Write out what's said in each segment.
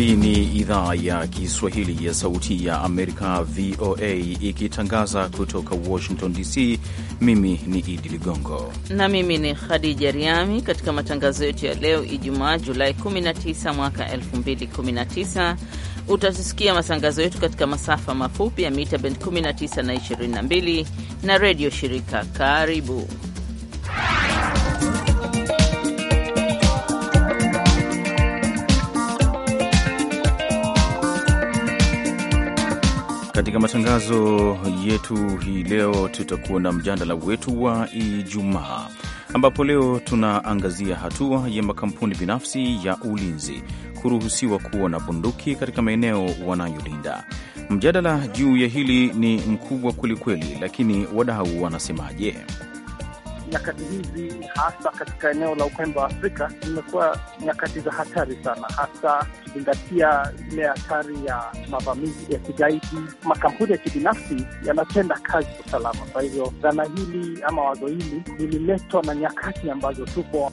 Hii ni idhaa ya Kiswahili ya Sauti ya Amerika, VOA, ikitangaza kutoka Washington DC. Mimi ni Idi Ligongo na mimi ni Khadija Riami. Katika matangazo yetu ya leo Ijumaa, Julai 19 mwaka 2019, utasikia matangazo yetu katika masafa mafupi ya mita bendi 19 na 22 na redio shirika. Karibu. Katika matangazo yetu hii leo tutakuwa na mjadala wetu wa Ijumaa ambapo leo tunaangazia hatua ya makampuni binafsi ya ulinzi kuruhusiwa kuwa na bunduki katika maeneo wanayolinda. Mjadala juu ya hili ni mkubwa kwelikweli, lakini wadau wanasemaje? nyakati hizi hasa katika eneo la upembe wa Afrika zimekuwa nyakati za hatari sana, hasa ukizingatia ile hatari ya mavamizi ya kigaidi. Makampuni ya kibinafsi yanatenda kazi kwa usalama. Kwa hivyo dhana hili ama wazo hili lililetwa na nyakati ambazo tupo.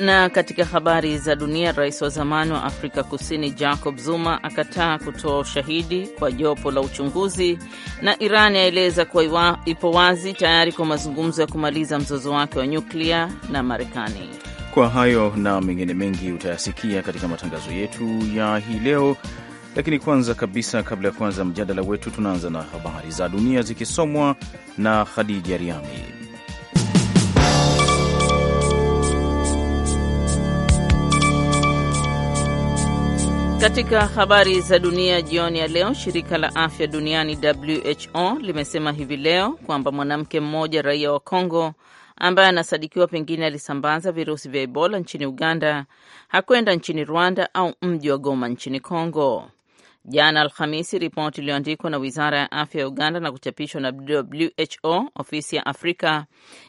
Na katika habari za dunia, rais wa zamani wa Afrika Kusini Jacob Zuma akataa kutoa ushahidi kwa jopo la uchunguzi, na Iran yaeleza kuwa ipo wazi tayari kwa mazungumzo ya kumaliza mzozo wake wa nyuklia na Marekani. Kwa hayo na mengine mengi utayasikia katika matangazo yetu ya hii leo, lakini kwanza kabisa, kabla ya kuanza mjadala wetu, tunaanza na habari za dunia zikisomwa na Khadija Riami. Katika habari za dunia jioni ya leo, shirika la afya duniani WHO limesema hivi leo kwamba mwanamke mmoja raia wa Kongo ambaye anasadikiwa pengine alisambaza virusi vya Ebola nchini Uganda hakwenda nchini Rwanda au mji wa Goma nchini Kongo. Jana Alhamisi, ripoti iliyoandikwa na wizara ya afya ya Uganda na kuchapishwa na WHO ofisi ya Afrika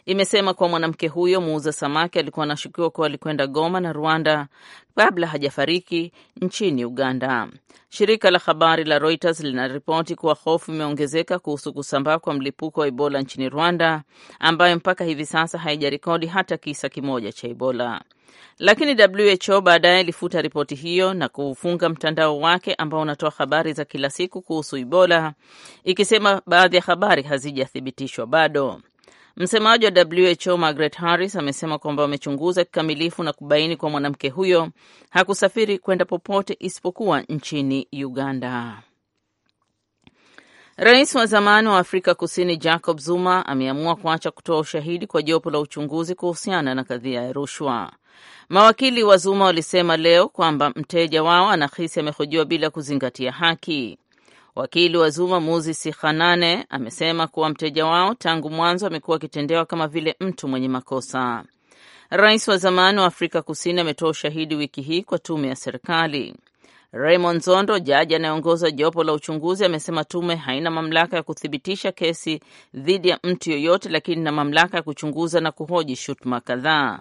imesema kuwa mwanamke huyo muuza samaki alikuwa anashukiwa kuwa alikwenda Goma na Rwanda kabla hajafariki nchini Uganda. Shirika la habari la Reuters linaripoti kuwa hofu imeongezeka kuhusu kusambaa kwa mlipuko wa Ebola nchini Rwanda, ambayo mpaka hivi sasa haijarekodi hata kisa kimoja cha Ebola lakini WHO baadaye ilifuta ripoti hiyo na kufunga mtandao wake ambao unatoa habari za kila siku kuhusu Ebola, ikisema baadhi ya habari hazijathibitishwa bado. Msemaji wa WHO Margaret Harris amesema kwamba wamechunguza kikamilifu na kubaini kwa mwanamke huyo hakusafiri kwenda popote isipokuwa nchini Uganda. Rais wa zamani wa Afrika Kusini Jacob Zuma ameamua kuacha kutoa ushahidi kwa jopo la uchunguzi kuhusiana na kadhia ya rushwa. Mawakili wa Zuma walisema leo kwamba mteja wao anahisi amehojiwa bila kuzingatia haki. Wakili wa Zuma Muzi Sikhanane amesema kuwa mteja wao tangu mwanzo amekuwa akitendewa kama vile mtu mwenye makosa. Rais wa zamani wa Afrika Kusini ametoa ushahidi wiki hii kwa tume ya serikali. Raymond Zondo, jaji anayeongoza jopo la uchunguzi, amesema tume haina mamlaka ya kuthibitisha kesi dhidi ya mtu yoyote, lakini ina mamlaka ya kuchunguza na kuhoji shutuma kadhaa.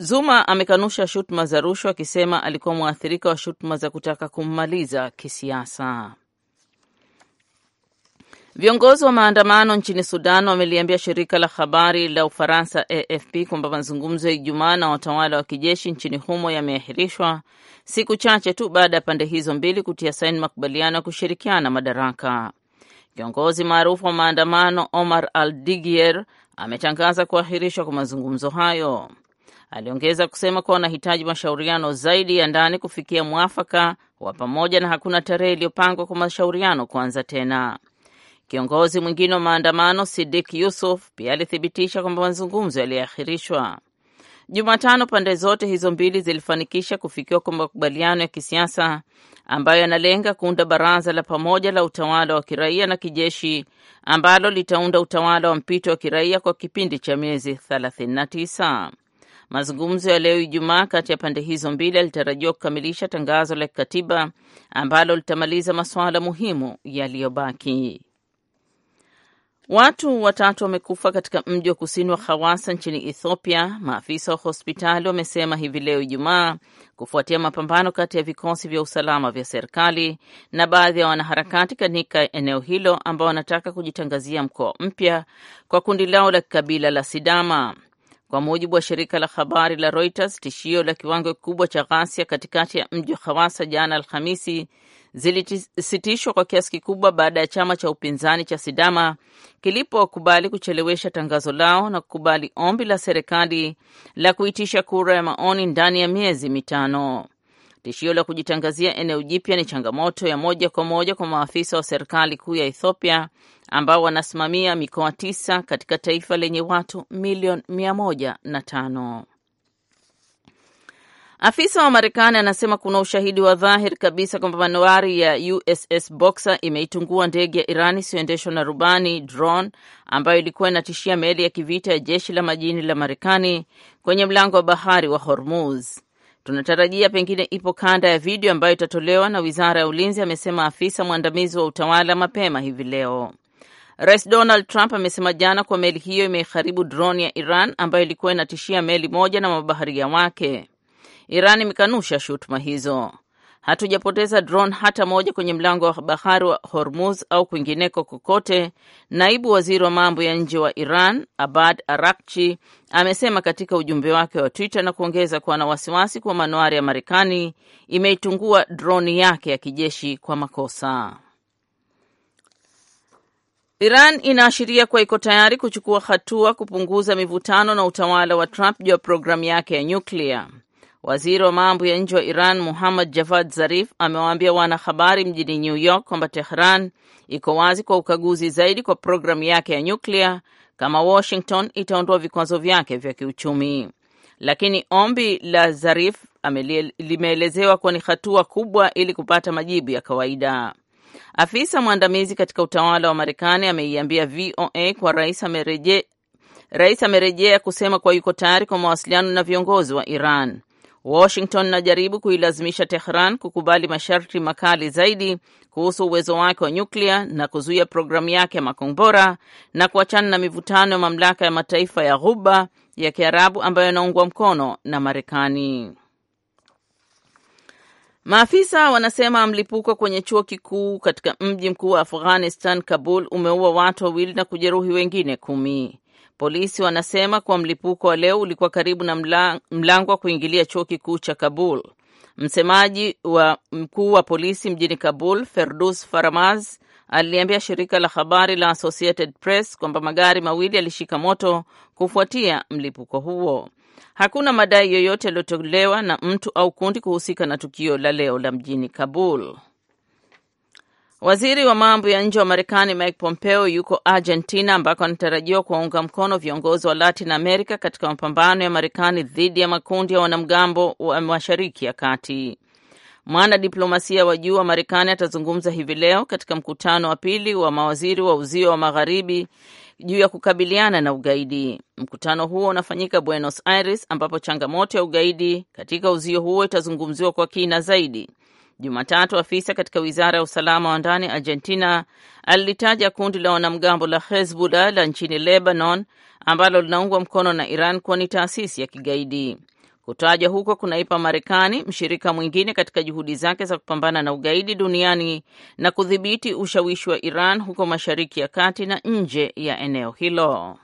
Zuma amekanusha shutuma za rushwa akisema alikuwa mwathirika wa shutuma za kutaka kummaliza kisiasa. Viongozi wa maandamano nchini Sudan wameliambia shirika la habari la Ufaransa AFP kwamba mazungumzo ya Ijumaa na watawala wa kijeshi nchini humo yameahirishwa siku chache tu baada ya pande hizo mbili kutia saini makubaliano ya kushirikiana madaraka. Kiongozi maarufu wa maandamano Omar Al Digier ametangaza kuahirishwa kwa mazungumzo hayo. Aliongeza kusema kuwa wanahitaji mashauriano zaidi ya ndani kufikia mwafaka wa pamoja na hakuna tarehe iliyopangwa kwa mashauriano kuanza tena. Kiongozi mwingine wa maandamano Sidik Yusuf pia alithibitisha kwamba mazungumzo yaliahirishwa Jumatano. Pande zote hizo mbili zilifanikisha kufikiwa kwa makubaliano ya kisiasa ambayo yanalenga kuunda baraza la pamoja la utawala wa kiraia na kijeshi ambalo litaunda utawala wa mpito wa kiraia kwa kipindi cha miezi 39. Mazungumzo ya leo Ijumaa kati ya pande hizo mbili yalitarajiwa kukamilisha tangazo la kikatiba ambalo litamaliza masuala muhimu yaliyobaki. Watu watatu wamekufa katika mji wa kusini wa Hawasa nchini Ethiopia, maafisa wa hospitali wamesema hivi leo Ijumaa, kufuatia mapambano kati ya vikosi vya usalama vya serikali na baadhi ya wanaharakati katika eneo hilo ambao wanataka kujitangazia mkoa mpya kwa kundi lao la kikabila la Sidama. Kwa mujibu wa shirika la habari la Reuters, tishio la kiwango kikubwa cha ghasia katikati ya mji wa Hawasa jana Alhamisi zilisitishwa kwa kiasi kikubwa baada ya chama cha upinzani cha Sidama kilipokubali kuchelewesha tangazo lao na kukubali ombi la serikali la kuitisha kura ya maoni ndani ya miezi mitano. Tishio la kujitangazia eneo jipya ni changamoto ya moja kwa moja kwa maafisa wa serikali kuu ya Ethiopia ambao wanasimamia mikoa tisa katika taifa lenye watu milioni mia moja na tano. Afisa wa Marekani anasema kuna ushahidi wa dhahiri kabisa kwamba manuari ya USS Boxer imeitungua ndege ya Iran isiyoendeshwa na rubani drone ambayo ilikuwa inatishia meli ya kivita ya jeshi la majini la Marekani kwenye mlango wa bahari wa Hormuz. Tunatarajia pengine ipo kanda ya video ambayo itatolewa na wizara ya ulinzi, amesema afisa mwandamizi wa utawala mapema hivi leo. Rais Donald Trump amesema jana kuwa meli hiyo imeharibu droni ya Iran ambayo ilikuwa inatishia meli moja na mabaharia wake. Iran imekanusha shutuma hizo. Hatujapoteza drone hata moja kwenye mlango wa bahari wa Hormuz au kwingineko kokote, naibu waziri wa mambo ya nje wa Iran Abad Arakchi amesema katika ujumbe wake wa Twitter na kuongeza kuwa na wasiwasi kuwa manuari ya Marekani imeitungua droni yake ya kijeshi kwa makosa. Iran inaashiria kuwa iko tayari kuchukua hatua kupunguza mivutano na utawala wa Trump juu ya programu yake ya nyuklia. Waziri wa mambo ya nje wa Iran Muhammad Javad Zarif amewaambia wanahabari mjini New York kwamba Tehran iko wazi kwa ukaguzi zaidi kwa programu yake ya nyuklia kama Washington itaondoa vikwazo vyake vya kiuchumi. Lakini ombi la Zarif limeelezewa kuwa ni hatua kubwa ili kupata majibu ya kawaida. Afisa mwandamizi katika utawala wa Marekani ameiambia VOA kwa rais amerejea kusema kuwa yuko tayari kwa mawasiliano na viongozi wa Iran. Washington inajaribu kuilazimisha Tehran kukubali masharti makali zaidi kuhusu uwezo wake wa nyuklia na kuzuia programu yake ya makombora na kuachana na mivutano ya mamlaka ya mataifa ya Ghuba ya Kiarabu ambayo yanaungwa mkono na Marekani. Maafisa wanasema mlipuko kwenye chuo kikuu katika mji mkuu wa Afghanistan, Kabul, umeua watu wawili na kujeruhi wengine kumi. Polisi wanasema kuwa mlipuko wa leo ulikuwa karibu na mlango wa kuingilia chuo kikuu cha Kabul. Msemaji wa mkuu wa polisi mjini Kabul, Ferdus Faramaz, aliliambia shirika la habari la Associated Press kwamba magari mawili yalishika moto kufuatia mlipuko huo. Hakuna madai yoyote yaliyotolewa na mtu au kundi kuhusika na tukio la leo la mjini Kabul. Waziri wa mambo ya nje wa Marekani Mike Pompeo yuko Argentina ambako anatarajiwa kuwaunga mkono viongozi wa Latin America katika mapambano ya Marekani dhidi ya makundi ya wanamgambo wa Mashariki ya Kati. Mwana diplomasia wa juu wa Marekani atazungumza hivi leo katika mkutano wa pili wa mawaziri wa uzio wa magharibi juu ya kukabiliana na ugaidi. Mkutano huo unafanyika Buenos Aires, ambapo changamoto ya ugaidi katika uzio huo itazungumziwa kwa kina zaidi Jumatatu, afisa katika wizara ya usalama wa ndani Argentina alilitaja kundi la wanamgambo la Hezbollah la nchini Lebanon ambalo linaungwa mkono na Iran kuwa ni taasisi ya kigaidi. Kutajwa huko kunaipa Marekani mshirika mwingine katika juhudi zake za kupambana na ugaidi duniani na kudhibiti ushawishi wa Iran huko Mashariki ya Kati na nje ya eneo hilo.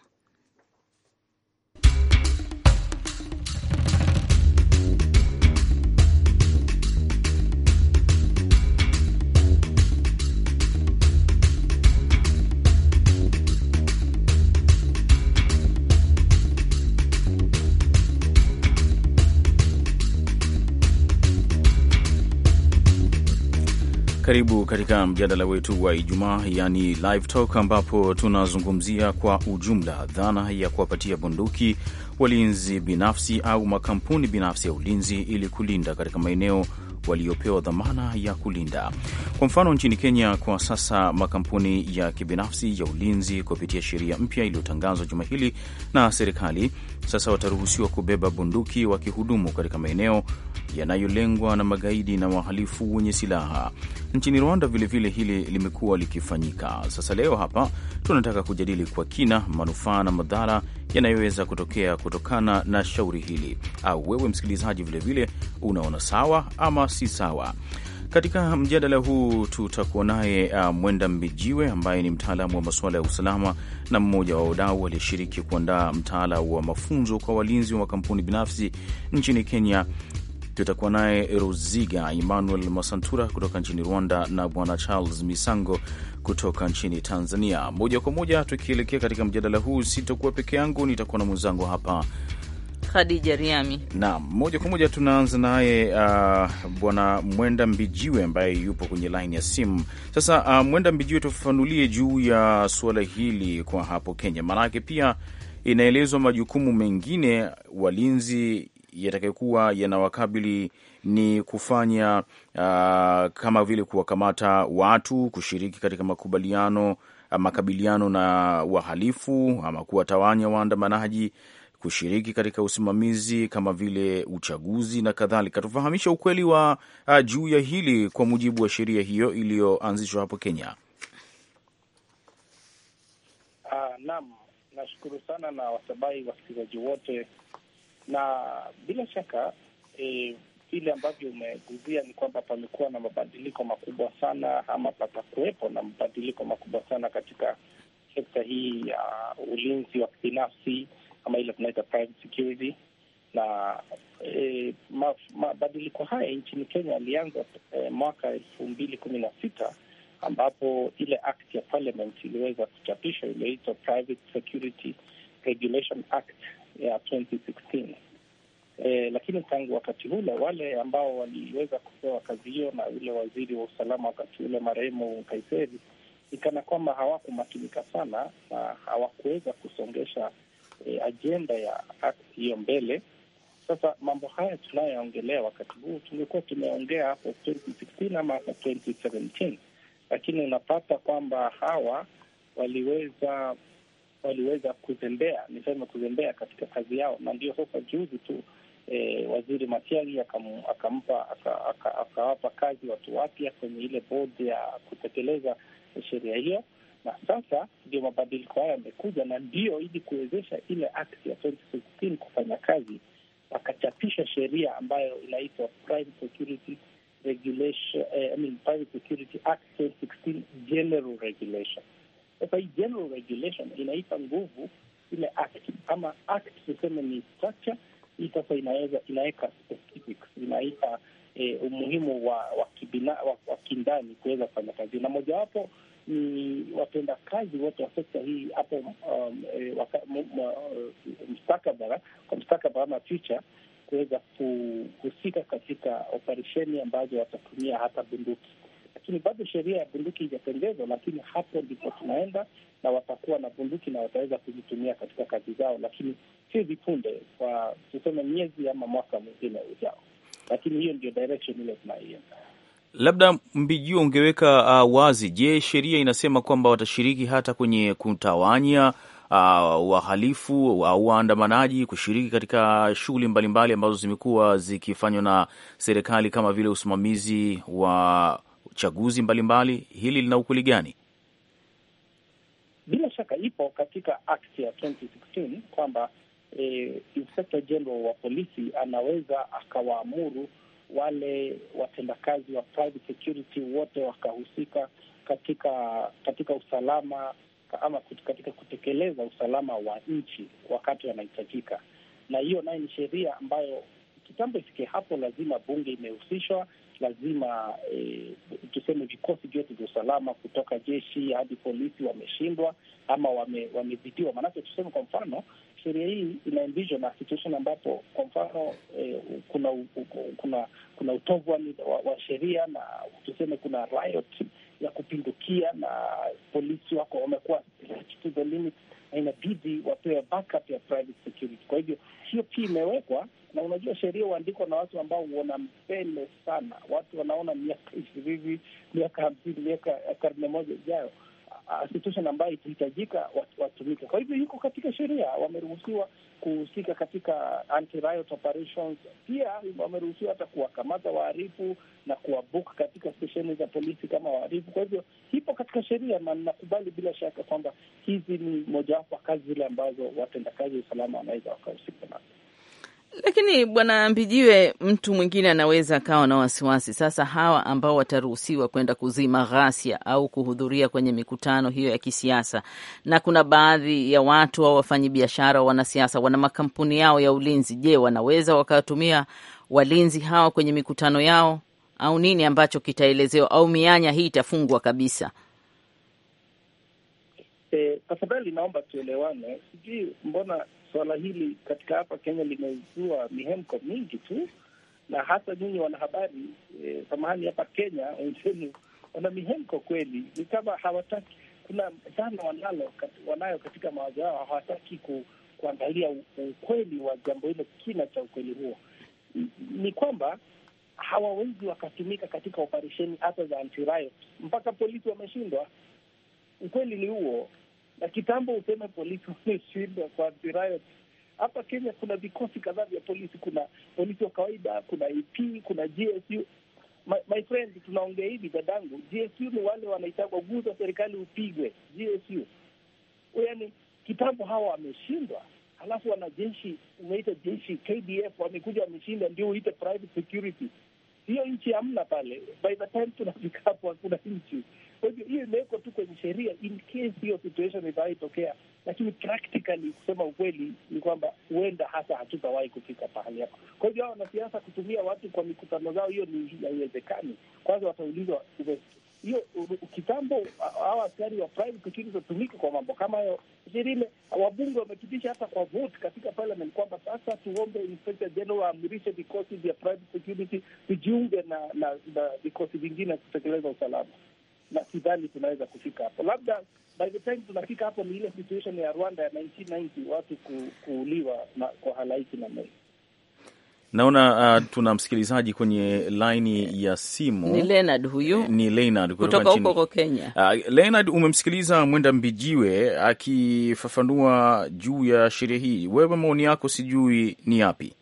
Karibu katika mjadala wetu wa Ijumaa, yani live talk, ambapo tunazungumzia kwa ujumla dhana ya kuwapatia bunduki walinzi binafsi au makampuni binafsi ya ulinzi ili kulinda katika maeneo waliopewa dhamana ya kulinda. Kwa mfano, nchini Kenya kwa sasa makampuni ya kibinafsi ya ulinzi kupitia sheria mpya iliyotangazwa juma hili na serikali sasa wataruhusiwa kubeba bunduki wakihudumu katika maeneo yanayolengwa na magaidi na wahalifu wenye silaha. Nchini Rwanda vilevile hili limekuwa likifanyika. Sasa leo hapa tunataka kujadili kwa kina manufaa na madhara yanayoweza kutokea kutokana na shauri hili. Au wewe msikilizaji, vilevile unaona sawa ama si sawa. Katika mjadala huu tutakuwa naye uh, Mwenda Mbijiwe ambaye ni mtaalamu wa masuala ya usalama na mmoja wa wadau aliyeshiriki kuandaa mtaala wa mafunzo kwa walinzi wa kampuni binafsi nchini Kenya. Tutakuwa naye roziga Emmanuel Masantura kutoka nchini Rwanda na Bwana Charles Misango kutoka nchini Tanzania. Moja kwa moja tukielekea katika mjadala huu, sitakuwa peke yangu, nitakuwa na mwenzangu hapa Khadija Riami. Naam, moja kwa moja tunaanza naye uh, bwana Mwenda Mbijiwe ambaye yupo kwenye laini ya simu sasa. Uh, Mwenda Mbijiwe, tufafanulie juu ya suala hili kwa hapo Kenya, maanake pia inaelezwa majukumu mengine walinzi yatakayokuwa yanawakabili ni kufanya uh, kama vile kuwakamata watu, kushiriki katika makubaliano makabiliano na wahalifu ama kuwatawanya waandamanaji kushiriki katika usimamizi kama vile uchaguzi na kadhalika. Tufahamisha ukweli wa uh, juu ya hili kwa mujibu wa sheria hiyo iliyoanzishwa hapo Kenya. Uh, naam, nashukuru sana na wasabai wasikilizaji wote, na bila shaka e, vile ambavyo umeguzia ni kwamba pamekuwa na mabadiliko makubwa sana ama patakuwepo na mabadiliko makubwa sana katika sekta hii ya uh, ulinzi wa kibinafsi ama ile tunaita private security na e, mabadiliko haya nchini Kenya alianza e, mwaka elfu mbili kumi na sita ambapo ile act ya parliament iliweza kuchapishwa iliyoitwa Private Security Regulation Act ya 2016. E, lakini tangu wakati ule wale ambao waliweza kupewa kazi hiyo na yule waziri wa usalama wakati ule marehemu Kaiseri, ikana kwamba hawakumakinika sana na hawakuweza kusongesha e, eh, ajenda ya ACT hiyo mbele. Sasa mambo haya tunayoongelea wakati huu tungekuwa tumeongea hapo 2016 ama hapo 2017, lakini unapata kwamba hawa waliweza waliweza kuzembea, niseme kuzembea katika kazi yao, na ndio sasa juzi tu e, waziri Matiang'i akampa akawapa kazi watu wapya kwenye ile bodi ya kutekeleza sheria hiyo na sasa ndio mabadiliko haya yamekuja, na ndio ili kuwezesha ile act ya 2016 kufanya kazi, wakachapisha sheria ambayo inaitwa Private Security Regulation, eh, I mean, Private Security Act 2016 General Regulation. Sasa hii general regulation inaipa nguvu ile act ama act tuseme ni structure hii. Sasa inaweza inaweka specifics, inaipa eh, umuhimu wa wa, kibina, wa, wa kindani kuweza kufanya kazi, na mojawapo ni watenda kazi wote wa sekta hii hapo um, eh, eh, mstakabara kwa mstakabara ama future kuweza kuhusika katika operesheni ambazo watatumia hata bunduki, lakini bado sheria ya bunduki ijatengezwa lakini hapo ndipo tunaenda na watakuwa na bunduki na wataweza kuzitumia katika kazi zao, lakini sio vipunde, kwa tuseme miezi ama mwaka mwingine ujao, lakini hiyo ndio direction ile tunaienda. Labda Mbijua, ungeweka uh, wazi, je, sheria inasema kwamba watashiriki hata kwenye kutawanya uh, wahalifu au uh, waandamanaji kushiriki katika shughuli mbalimbali ambazo zimekuwa zikifanywa na serikali kama vile usimamizi wa chaguzi mbalimbali mbali. Hili lina ukweli gani? Bila shaka ipo katika act ya 2016 kwamba eh, inspector general wa polisi anaweza akawaamuru wale watendakazi wa private security wote wakahusika katika katika usalama ama katika kutekeleza usalama wa nchi wakati wanahitajika. Na hiyo nayo ni sheria ambayo kitambo ifike hapo, lazima bunge imehusishwa, lazima e, tuseme vikosi vyote vya usalama kutoka jeshi hadi polisi wameshindwa ama wamezidiwa, wame maanake tuseme kwa mfano sheria hii inaendishwa na situation ambapo kwa mfano eh, kuna, kuna kuna utovu wa, wa sheria na tuseme kuna riot ya kupindukia na polisi wako wamekuwa to the limit na inabidi wapewe backup ya private security. Kwa hivyo hiyo pia imewekwa na unajua, sheria huandikwa na watu ambao wana mbele sana, watu wanaona miaka ishirini, miaka hamsini, miaka karne moja ijayo institution ambayo itahitajika watumike. Kwa hivyo yuko katika sheria, wameruhusiwa kuhusika katika anti riot operations, pia wameruhusiwa hata kuwakamata waharifu na kuwabuk katika stesheni za polisi kama waharifu. Kwa hivyo ipo katika sheria, na nakubali bila shaka kwamba hizi ni mojawapo wa kazi zile ambazo watendakazi wa usalama wanaweza wakahusika nazo. Lakini bwana Mbijiwe, mtu mwingine anaweza akawa na wasiwasi sasa, hawa ambao wataruhusiwa kwenda kuzima ghasia au kuhudhuria kwenye mikutano hiyo ya kisiasa, na kuna baadhi ya watu au wafanyabiashara, wanasiasa, wana makampuni yao ya ulinzi. Je, wanaweza wakawatumia walinzi hawa kwenye mikutano yao au nini ambacho kitaelezewa, au mianya hii itafungwa kabisa? E, naomba tuelewane, sijui mbona suala hili katika hapa Kenya limezua mihemko mingi tu, na hasa nyinyi wanahabari e, hapa Kenya wenzenu wana mihemko kweli, ni kama hawataki. Kuna dhana wanalo wanayo katika mawazo yao, hawataki ku, kuangalia ukweli wa jambo hilo, kina cha ukweli huo ni kwamba hawawezi wakatumika katika operesheni hata za anti mpaka polisi wameshindwa. Ukweli ni huo, na kitambo useme polisi wameshindwa kwa riot. Hapa Kenya kuna vikosi kadhaa vya polisi, kuna polisi wa kawaida, kuna AP, e kuna GSU. My, my friend, tunaongea hivi dadangu, GSU ni wale wanaitagwa guza serikali upigwe GSU. yani kitambo hawa wameshindwa, halafu wanajeshi umeita jeshi KDF wamekuja wameshinda, ndio uite private security. Hiyo nchi hamna pale, by the time tunafika hapo hakuna nchi kwa hivyo hiyo imewekwa tu kwenye sheria in case hiyo situation itawahi tokea, lakini practically kusema ukweli ni kwamba huenda hasa hatutawahi kufika pahali hapa. Kwa hivyo hao wanasiasa kutumia watu kwa mikutano zao, hiyo ni haiwezekani. Kwanza wataulizwa hiyo kitambo, hawa askari wa private security watumike kwa mambo kama hayo. Shirile, wabunge wamepitisha hata kwa vote katika parliament kwamba sasa tuombe inspector general waamrishe vikosi vya private security vijiunge na na vikosi vingine kutekeleza usalama na sidhani tunaweza kufika hapo. Labda by the time tunafika hapo ni ile situation ya Rwanda ya 1990 watu ku, kuuliwa na, kwa halaiki na mei Naona uh, tuna msikilizaji kwenye laini ya simu. Ni Leonard huyu, eh, ni Leonard kutoka huko huko Kenya. Uh, Leonard, umemsikiliza Mwenda Mbijiwe akifafanua juu ya sheria hii, wewe maoni yako sijui ni yapi?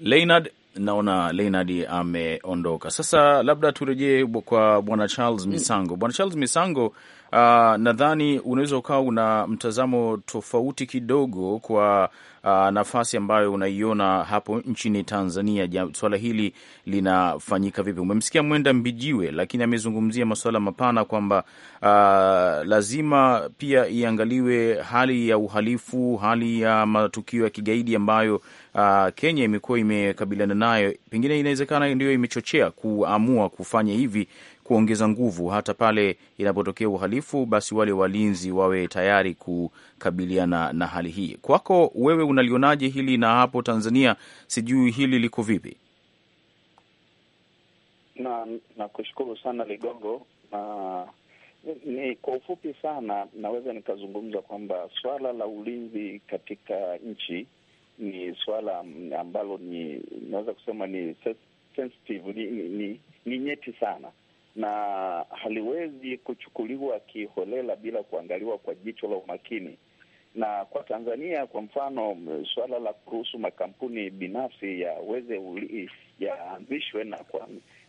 Leonard naona Leonard ameondoka. Sasa labda turejee kwa bwana Charles mm. Misango. Bwana Charles Misango uh, nadhani unaweza ukawa una mtazamo tofauti kidogo kwa uh, nafasi ambayo unaiona hapo nchini Tanzania. Swala hili linafanyika vipi? Umemsikia Mwenda Mbijiwe, lakini amezungumzia masuala mapana kwamba uh, lazima pia iangaliwe hali ya uhalifu, hali ya matukio ya kigaidi ambayo Uh, Kenya imekuwa imekabiliana nayo, pengine inawezekana ndio imechochea kuamua kufanya hivi kuongeza nguvu hata pale inapotokea uhalifu, basi wale walinzi wawe tayari kukabiliana na hali hii. Kwako wewe unalionaje hili, na hapo Tanzania sijui hili liko vipi? Na nakushukuru sana Ligongo, na ni kwa ufupi sana naweza nikazungumza kwamba swala la ulinzi katika nchi ni swala ambalo ni naweza kusema ni sensitive, ni, ni, ni, ni nyeti sana na haliwezi kuchukuliwa kiholela bila kuangaliwa kwa jicho la umakini. Na kwa Tanzania kwa mfano, suala la kuruhusu makampuni binafsi yaweze yaanzishwe na kwa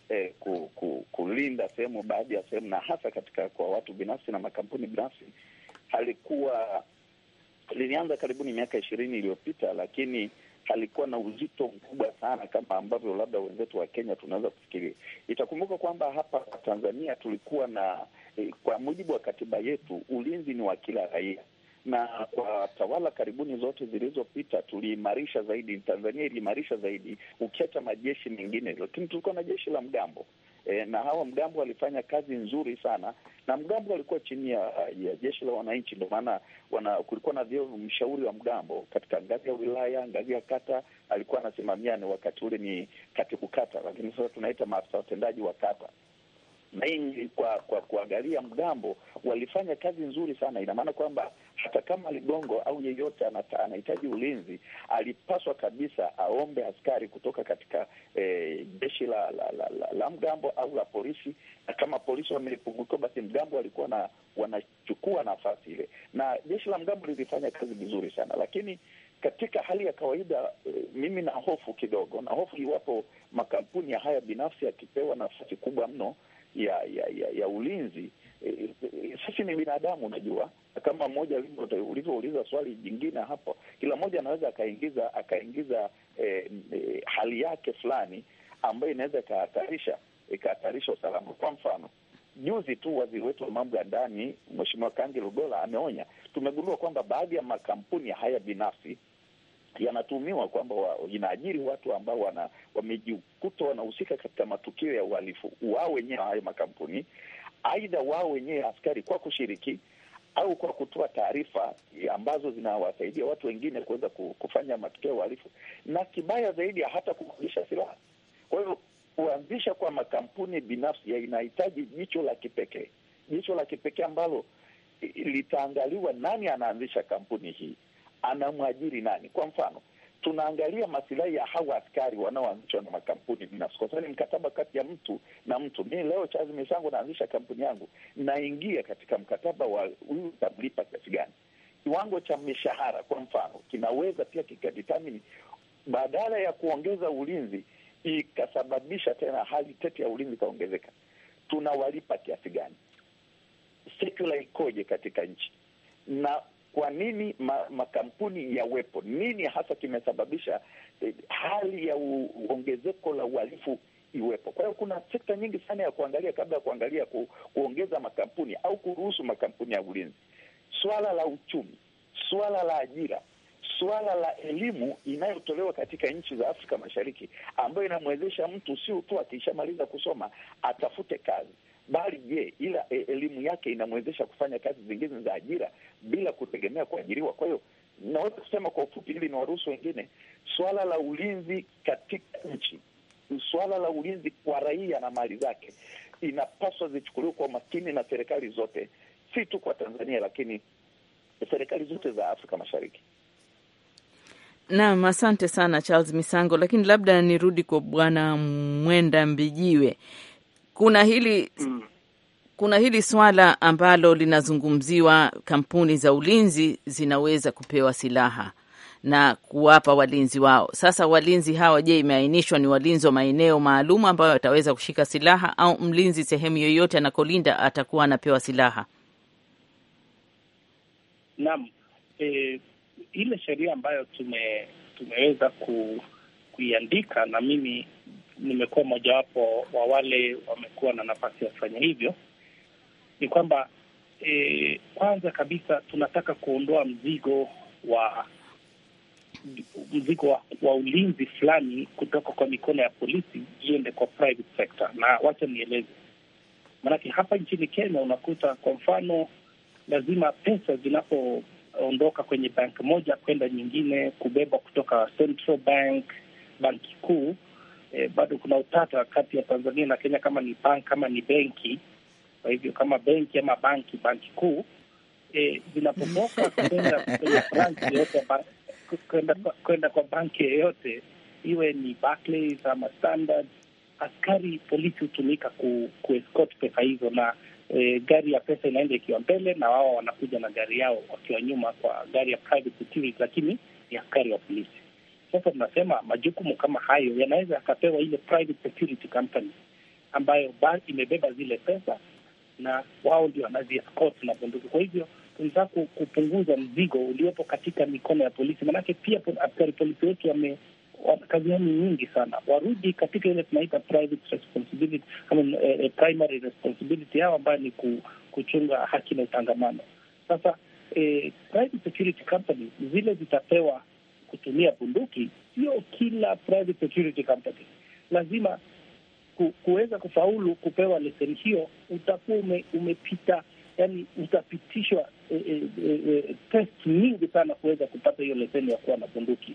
eh, ku, ku, kulinda sehemu, baadhi ya sehemu, na hasa katika kwa watu binafsi na makampuni binafsi halikuwa lilianza karibuni miaka ishirini iliyopita, lakini halikuwa na uzito mkubwa sana kama ambavyo labda wenzetu wa Kenya tunaweza kufikiria. Itakumbuka kwamba hapa Tanzania tulikuwa na eh, kwa mujibu wa katiba yetu ulinzi ni wa kila raia na kwa tawala karibuni zote zilizopita tuliimarisha zaidi, Tanzania iliimarisha zaidi, ukiacha majeshi mengine, lakini tulikuwa na jeshi la mgambo e, na hawa mgambo walifanya kazi nzuri sana, na mgambo walikuwa chini ya, ya jeshi la wananchi. Ndio maana wana, kulikuwa na vyo mshauri wa mgambo katika ngazi ya wilaya, ngazi ya kata, alikuwa anasimamia, ni wakati ule ni katibu kata, lakini sasa tunaita maafisa watendaji wa kata na hii kwa kuangalia mgambo walifanya kazi nzuri sana. Ina maana kwamba hata kama Ligongo au yeyote anahitaji ulinzi, alipaswa kabisa aombe askari kutoka katika eh, jeshi la, la, la, la, la mgambo au la polisi, na kama polisi wamepungukiwa, basi mgambo walikuwa na wanachukua nafasi ile, na jeshi la mgambo lilifanya kazi vizuri sana, lakini katika hali ya kawaida eh, mimi na hofu kidogo, na hofu iwapo makampuni ya haya binafsi yakipewa nafasi kubwa mno ya ya ya, ya ulinzi e, e, sisi ni binadamu, unajua kama mmoja ulivyouliza swali jingine hapo, kila mmoja anaweza akaingiza akaingiza e, e, hali yake fulani ambayo inaweza ikahatarisha ikahatarisha usalama. Kwa mfano juzi tu waziri wetu wa mambo ya ndani Mheshimiwa Kangi Lugola ameonya, tumegundua kwamba baadhi ya makampuni haya binafsi yanatumiwa kwamba wa, inaajiri watu ambao wana, wamejikuta wanahusika katika matukio ya uhalifu wao wenyewe hayo makampuni, aidha wao wenyewe askari kwa kushiriki au kwa kutoa taarifa ambazo zinawasaidia watu wengine kuweza kufanya matukio ya uhalifu, na kibaya zaidi hata kukodisha silaha. Kwa hiyo kuanzisha kwa makampuni binafsi inahitaji jicho la kipekee, jicho la kipekee ambalo litaangaliwa nani anaanzisha kampuni hii anamwajiri nani? Kwa mfano tunaangalia masilahi ya hawa askari wanaoanzishwa na makampuni binafsi, kwa sababu ni mkataba kati ya mtu na mtu. Mi leo Charles Misango naanzisha kampuni yangu, naingia katika mkataba wa huyu utamlipa kiasi gani. Kiwango cha mishahara kwa mfano kinaweza pia kikadetermine, badala ya kuongeza ulinzi ikasababisha tena hali tete ya ulinzi ikaongezeka. Tunawalipa kiasi gani? Sekula ikoje katika nchi na kwa nini ma, makampuni yawepo? Nini hasa kimesababisha eh, hali ya ongezeko la uhalifu iwepo? Kwa hiyo kuna sekta nyingi sana ya kuangalia kabla ya kuangalia ku, kuongeza makampuni au kuruhusu makampuni ya ulinzi. Swala la uchumi, swala la ajira suala la elimu inayotolewa katika nchi za Afrika Mashariki ambayo inamwezesha mtu sio tu akishamaliza kusoma atafute kazi bali je, ila e, elimu yake inamwezesha kufanya kazi zingine za ajira bila kutegemea kuajiriwa. Kwa hiyo naweza kusema kwa ufupi, hili ni waruhusu wengine, swala la ulinzi katika nchi, swala la ulinzi kwa raia na mali zake inapaswa zichukuliwe kwa makini na serikali zote, si tu kwa Tanzania, lakini serikali zote za Afrika Mashariki. Naam, asante sana Charles Misango, lakini labda nirudi kwa Bwana Mwenda Mbijiwe kuna hili mm. Kuna hili swala ambalo linazungumziwa, kampuni za ulinzi zinaweza kupewa silaha na kuwapa walinzi wao. Sasa walinzi hawa, je, imeainishwa ni walinzi wa maeneo maalum ambayo wataweza kushika silaha, au mlinzi sehemu yoyote anakolinda atakuwa anapewa silaha? Naam, e, ile sheria ambayo tume, tumeweza ku, kuiandika na mimi nimekuwa mojawapo wa wale wamekuwa na nafasi ya kufanya hivyo, ni kwamba e, kwanza kabisa tunataka kuondoa mzigo wa mzigo wa, wa ulinzi fulani kutoka kwa mikono ya polisi iende kwa private sector, na wacha nieleze, maanake hapa nchini Kenya unakuta kwa mfano, lazima pesa zinapoondoka kwenye bank moja kwenda nyingine, kubebwa kutoka Central Bank, banki kuu eh, bado kuna utata kati ya Tanzania na Kenya kama ni bank, kama ni benki. Kwa hivyo kama benki ama banki banki kuu eh, zinapotoka kwenda kwa banki yoyote, iwe ni Barclays ama Standard, askari polisi hutumika ku, kuescort pesa hizo na E, gari ya pesa inaenda ikiwa mbele na wao wanakuja na gari yao wakiwa nyuma, kwa gari ya private security, lakini ni askari wa polisi. Sasa tunasema majukumu kama hayo yanaweza yakapewa ile private security company ambayo imebeba zile pesa na wao ndio wanaziescort na bunduki. Kwa hivyo tunataka kupunguza mzigo uliopo katika mikono ya polisi, manake pia askari polisi wetu wame kazi nyingi sana, warudi katika ile tunaita private responsibility ama eh, eh, primary responsibility yao ambayo ni kuchunga haki na utangamano. Sasa eh, private security company zile zitapewa kutumia bunduki, sio kila private security company lazima kuweza kufaulu kupewa leseni hiyo, utakuwa ume, umepita yani utapitishwa e, e, e, e, test nyingi sana kuweza kupata hiyo leseni ya kuwa na bunduki,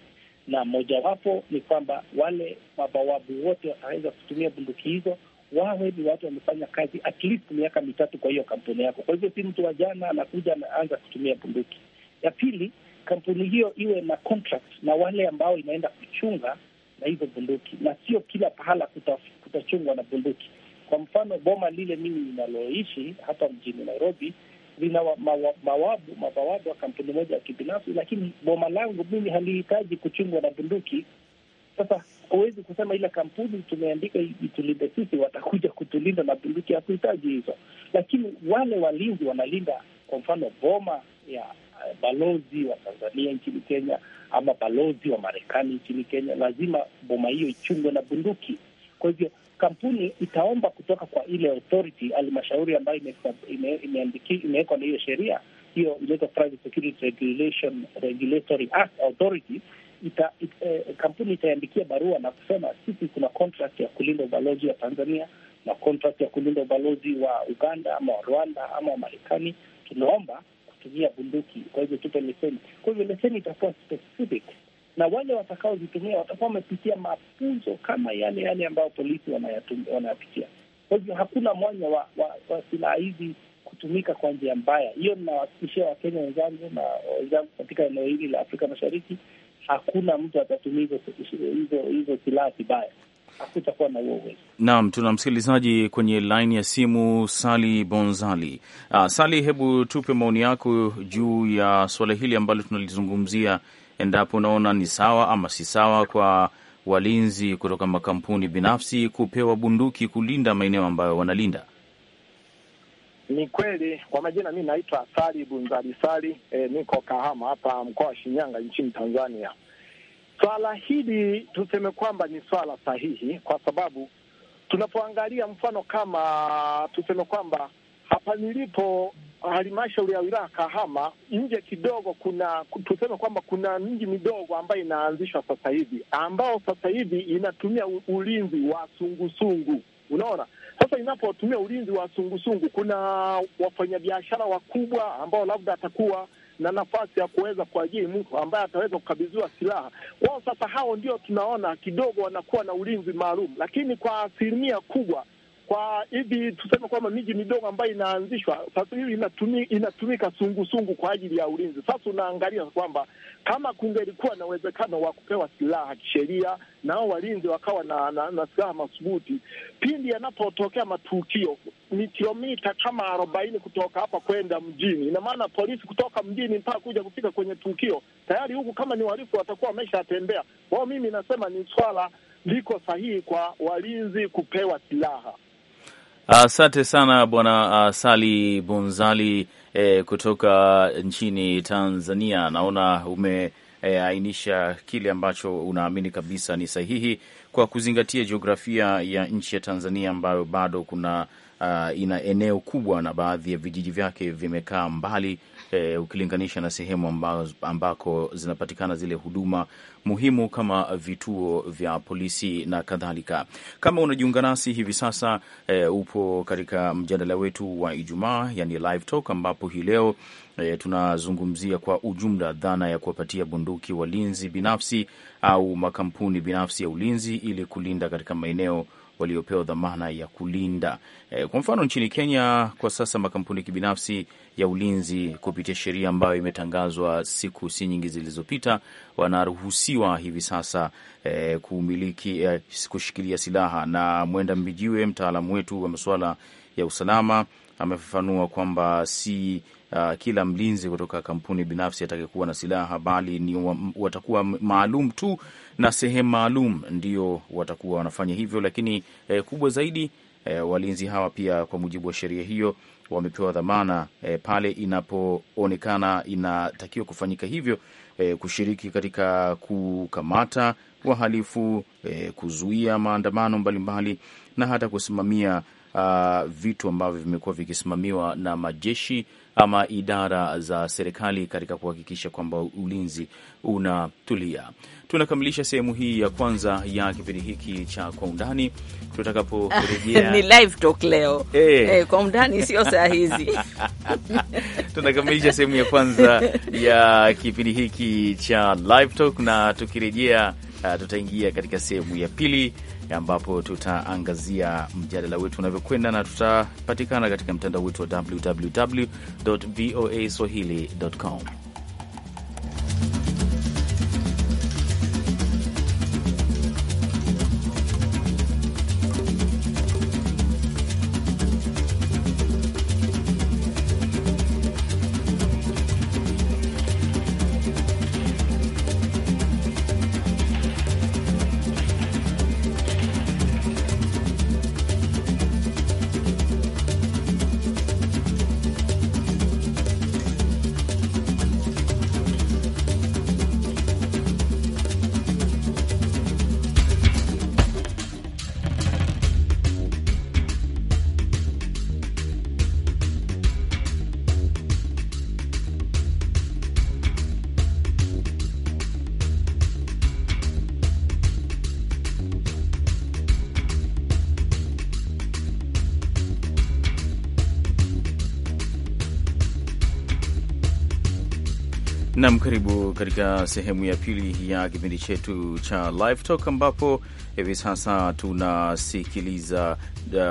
na mojawapo ni kwamba wale mabawabu wote wataweza kutumia bunduki hizo wawe ni watu wamefanya kazi at least miaka mitatu kwa hiyo kampuni yako. Kwa hivyo si mtu wa jana anakuja anaanza kutumia bunduki. Ya pili, kampuni hiyo iwe na contract na wale ambao inaenda kuchunga na hizo bunduki, na sio kila pahala kutachungwa kuta na bunduki. Kwa mfano, boma lile mimi linaloishi hapa mjini Nairobi lina mawabu mabawabu wa kampuni moja ya kibinafsi, lakini boma langu mimi halihitaji kuchungwa na bunduki. Sasa huwezi kusema ile kampuni tumeandika itulinde sisi, watakuja kutulinda na bunduki, hakuhitaji hizo. Lakini wale walinzi wanalinda, kwa mfano boma ya Eh, balozi wa Tanzania nchini Kenya ama balozi wa Marekani nchini Kenya, lazima boma hiyo ichungwe na bunduki. Kwa hivyo kampuni itaomba kutoka kwa ile authority, halmashauri ambayo imewekwa na hiyo sheria hiyo inaitwa Private Security Regulation Regulatory Act Authority. Ita, it, eh, kampuni itaiandikia barua na kusema sisi kuna contract ya kulinda ubalozi wa Tanzania na contract ya kulinda ubalozi wa Uganda ama wa Rwanda ama wa Marekani, tunaomba kutumia bunduki, kwa hivyo tupe leseni. Kwa hivyo leseni itakuwa specific na wale watakaozitumia watakuwa wamepitia mafunzo kama yale yale ambayo polisi wanayapitia. Kwa hivyo hakuna mwanya wa, wa, wa silaha hizi kutumika kwa njia mbaya. Hiyo ninawahakikishia Wakenya wenzangu na wenzangu katika eneo hili la Afrika Mashariki, hakuna mtu atatumia hizo silaha vibaya hakutakuwa na huo uwezo. Naam, tuna msikilizaji kwenye laini ya simu, Sali Bonzali. Uh, ah, Sali, hebu tupe maoni yako juu ya suala hili ambalo tunalizungumzia, endapo unaona ni sawa ama si sawa kwa walinzi kutoka makampuni binafsi kupewa bunduki kulinda maeneo ambayo wanalinda. Ni kweli. Kwa majina, mi naitwa Sali Bunzali Sali, e, eh, niko Kahama hapa mkoa wa Shinyanga nchini Tanzania. Swala hili tuseme kwamba ni swala sahihi, kwa sababu tunapoangalia mfano kama tuseme kwamba hapa nilipo halmashauri ya wilaya Kahama, nje kidogo kuna tuseme kwamba kuna mji midogo ambayo inaanzishwa sasa hivi, ambao sasa hivi inatumia ulinzi wa sungusungu. Unaona, sasa inapotumia ulinzi wa sungusungu, kuna wafanyabiashara wakubwa ambao labda atakuwa na nafasi ya kuweza kuajiri mtu ambaye ataweza kukabidhiwa silaha kwao. Sasa hao ndio tunaona kidogo wanakuwa na ulinzi maalum, lakini kwa asilimia kubwa kwa hivi tuseme kwamba miji midogo ambayo inaanzishwa sasa hivi inatumi, inatumika sungusungu kwa ajili ya ulinzi. Sasa unaangalia kwamba kama kungelikuwa na uwezekano wa kupewa silaha kisheria, nao walinzi wakawa na, na, na silaha madhubuti, pindi yanapotokea matukio ni kilomita kama arobaini kutoka hapa kwenda mjini. Ina maana polisi kutoka mjini mpaka kuja kufika kwenye tukio tayari, huku kama ni warifu watakuwa wameshatembea kwao Mimi nasema ni swala liko sahihi kwa walinzi kupewa silaha. Asante uh, sana bwana uh, Sali Bunzali eh, kutoka nchini Tanzania. Naona umeainisha eh, kile ambacho unaamini kabisa ni sahihi kwa kuzingatia jiografia ya nchi ya Tanzania ambayo bado kuna uh, ina eneo kubwa na baadhi ya vijiji vyake vimekaa mbali eh, ukilinganisha na sehemu ambako zinapatikana zile huduma muhimu kama vituo vya polisi na kadhalika. Kama unajiunga nasi hivi sasa eh, upo katika mjadala wetu wa Ijumaa, yani live talk, ambapo hii leo E, tunazungumzia kwa ujumla dhana ya kuwapatia bunduki walinzi binafsi au makampuni binafsi ya ulinzi ili kulinda katika maeneo waliopewa dhamana ya kulinda e, kwa mfano nchini Kenya kwa sasa makampuni kibinafsi ya ulinzi kupitia sheria ambayo imetangazwa siku si nyingi zilizopita, wanaruhusiwa hivi sasa e, kumiliki e, kushikilia silaha. Na Mwenda Mbijiwe, mtaalamu wetu wa masuala ya usalama, amefafanua kwamba si uh, kila mlinzi kutoka kampuni binafsi atakayekuwa na silaha, bali ni watakuwa maalum tu na sehemu maalum ndio watakuwa wanafanya hivyo. Lakini eh, kubwa zaidi eh, walinzi hawa pia kwa mujibu wa sheria hiyo wamepewa dhamana eh, pale inapoonekana inatakiwa kufanyika hivyo eh, kushiriki katika kukamata wahalifu eh, kuzuia maandamano mbalimbali mbali, na hata kusimamia uh, vitu ambavyo vimekuwa vikisimamiwa na majeshi ama idara za serikali katika kuhakikisha kwamba ulinzi unatulia. Tunakamilisha sehemu hii ya kwanza ya kipindi hiki cha Kwa Undani. Tutakaporejea ni live talk leo hey. Eh. Eh, hey, kwa undani sio saa hizi tunakamilisha sehemu ya kwanza ya kipindi hiki cha live talk, na tukirejea, uh, tutaingia katika sehemu ya pili ambapo tutaangazia mjadala wetu unavyokwenda na tutapatikana katika mtandao wetu wa www voa swahili.com. Nam, karibu katika sehemu ya pili ya kipindi chetu cha Live Talk ambapo hivi sasa tunasikiliza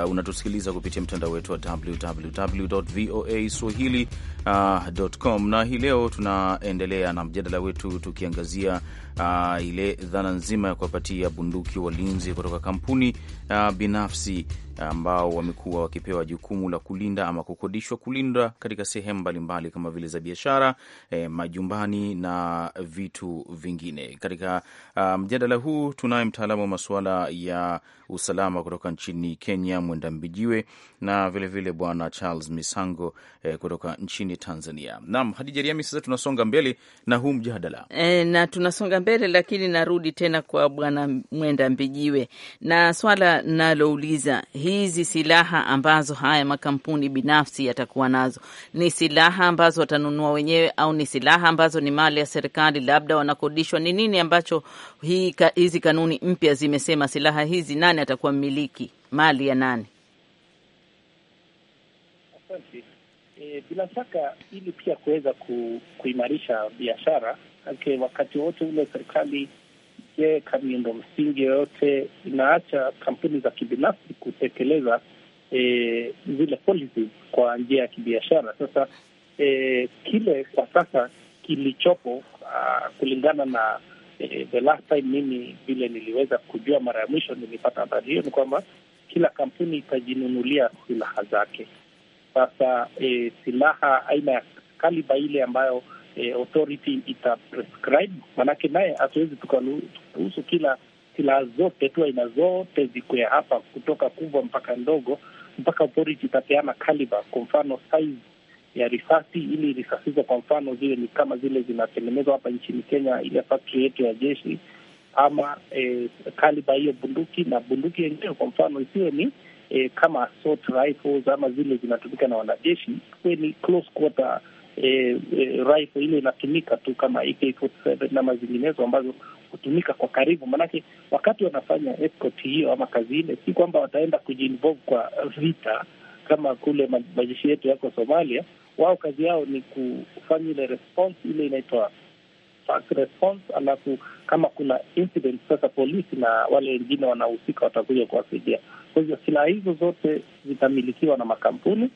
uh, unatusikiliza kupitia mtandao wetu wa www voa swahili.com, uh, na hii leo tunaendelea na mjadala wetu tukiangazia uh, ile dhana nzima ya kuwapatia bunduki walinzi kutoka kampuni uh, binafsi ambao wamekuwa wakipewa jukumu la kulinda ama kukodishwa kulinda katika sehemu mbalimbali kama vile za biashara e, majumbani na vitu vingine. Katika ah, mjadala um, huu tunaye mtaalamu wa masuala ya usalama kutoka nchini Kenya, Mwenda Mbijiwe, na vilevile bwana Charles Misango e, kutoka nchini Tanzania. Naam, Hadija Riami, sasa tunasonga mbele na huu mjadala e, na tunasonga mbele, lakini narudi tena kwa bwana Mwenda Mbijiwe na swala nalouliza hizi silaha ambazo haya makampuni binafsi yatakuwa nazo ni silaha ambazo watanunua wenyewe au ni silaha ambazo ni mali ya serikali, labda wanakodishwa? Ni nini ambacho hii ka, hizi kanuni mpya zimesema? Silaha hizi nani atakuwa mmiliki, mali ya nani? Asante. E, bila shaka ili pia kuweza ku, kuimarisha biashara, wakati wote ule serikali yake kama miundo msingi yoyote, inaacha kampuni za kibinafsi kutekeleza e, zile policies kwa njia ya kibiashara. Sasa e, kile kwa sasa kilichopo a, kulingana na e, the last time mimi vile niliweza kujua mara ya mwisho nilipata habari hiyo, ni kwamba kila kampuni itajinunulia silaha zake. Sasa e, silaha aina ya kaliba ile ambayo eh, authority ita prescribe, manake naye hatuwezi tukaruhusu kila silaha zote tu aina zote zikuya hapa, kutoka kubwa mpaka ndogo, mpaka authority itapeana kaliba, kwa mfano size ya risasi ili risasi hizo kwa mfano ziwe ni kama zile zinatengenezwa hapa nchini Kenya, ile factory yetu ya jeshi ama eh, kaliba hiyo bunduki, na bunduki yenyewe kwa mfano isiwe ni eh, kama assault rifles ama zile zinatumika na wanajeshi, kuwe ni close quarter e, e, rifle ile inatumika tu kama AK47 na mazinginezo ambazo hutumika kwa karibu. Maanake wakati wanafanya escort hiyo ama kazi ile, si kwamba wataenda kujinvolve kwa vita kama kule majeshi yetu yako Somalia. Wao kazi yao ni kufanya ile response ile inaitwa response, alafu kama kuna incident, sasa polisi na wale wengine wanahusika watakuja kuwasaidia. Kwa hivyo silaha hizo zote zitamilikiwa na makampuni,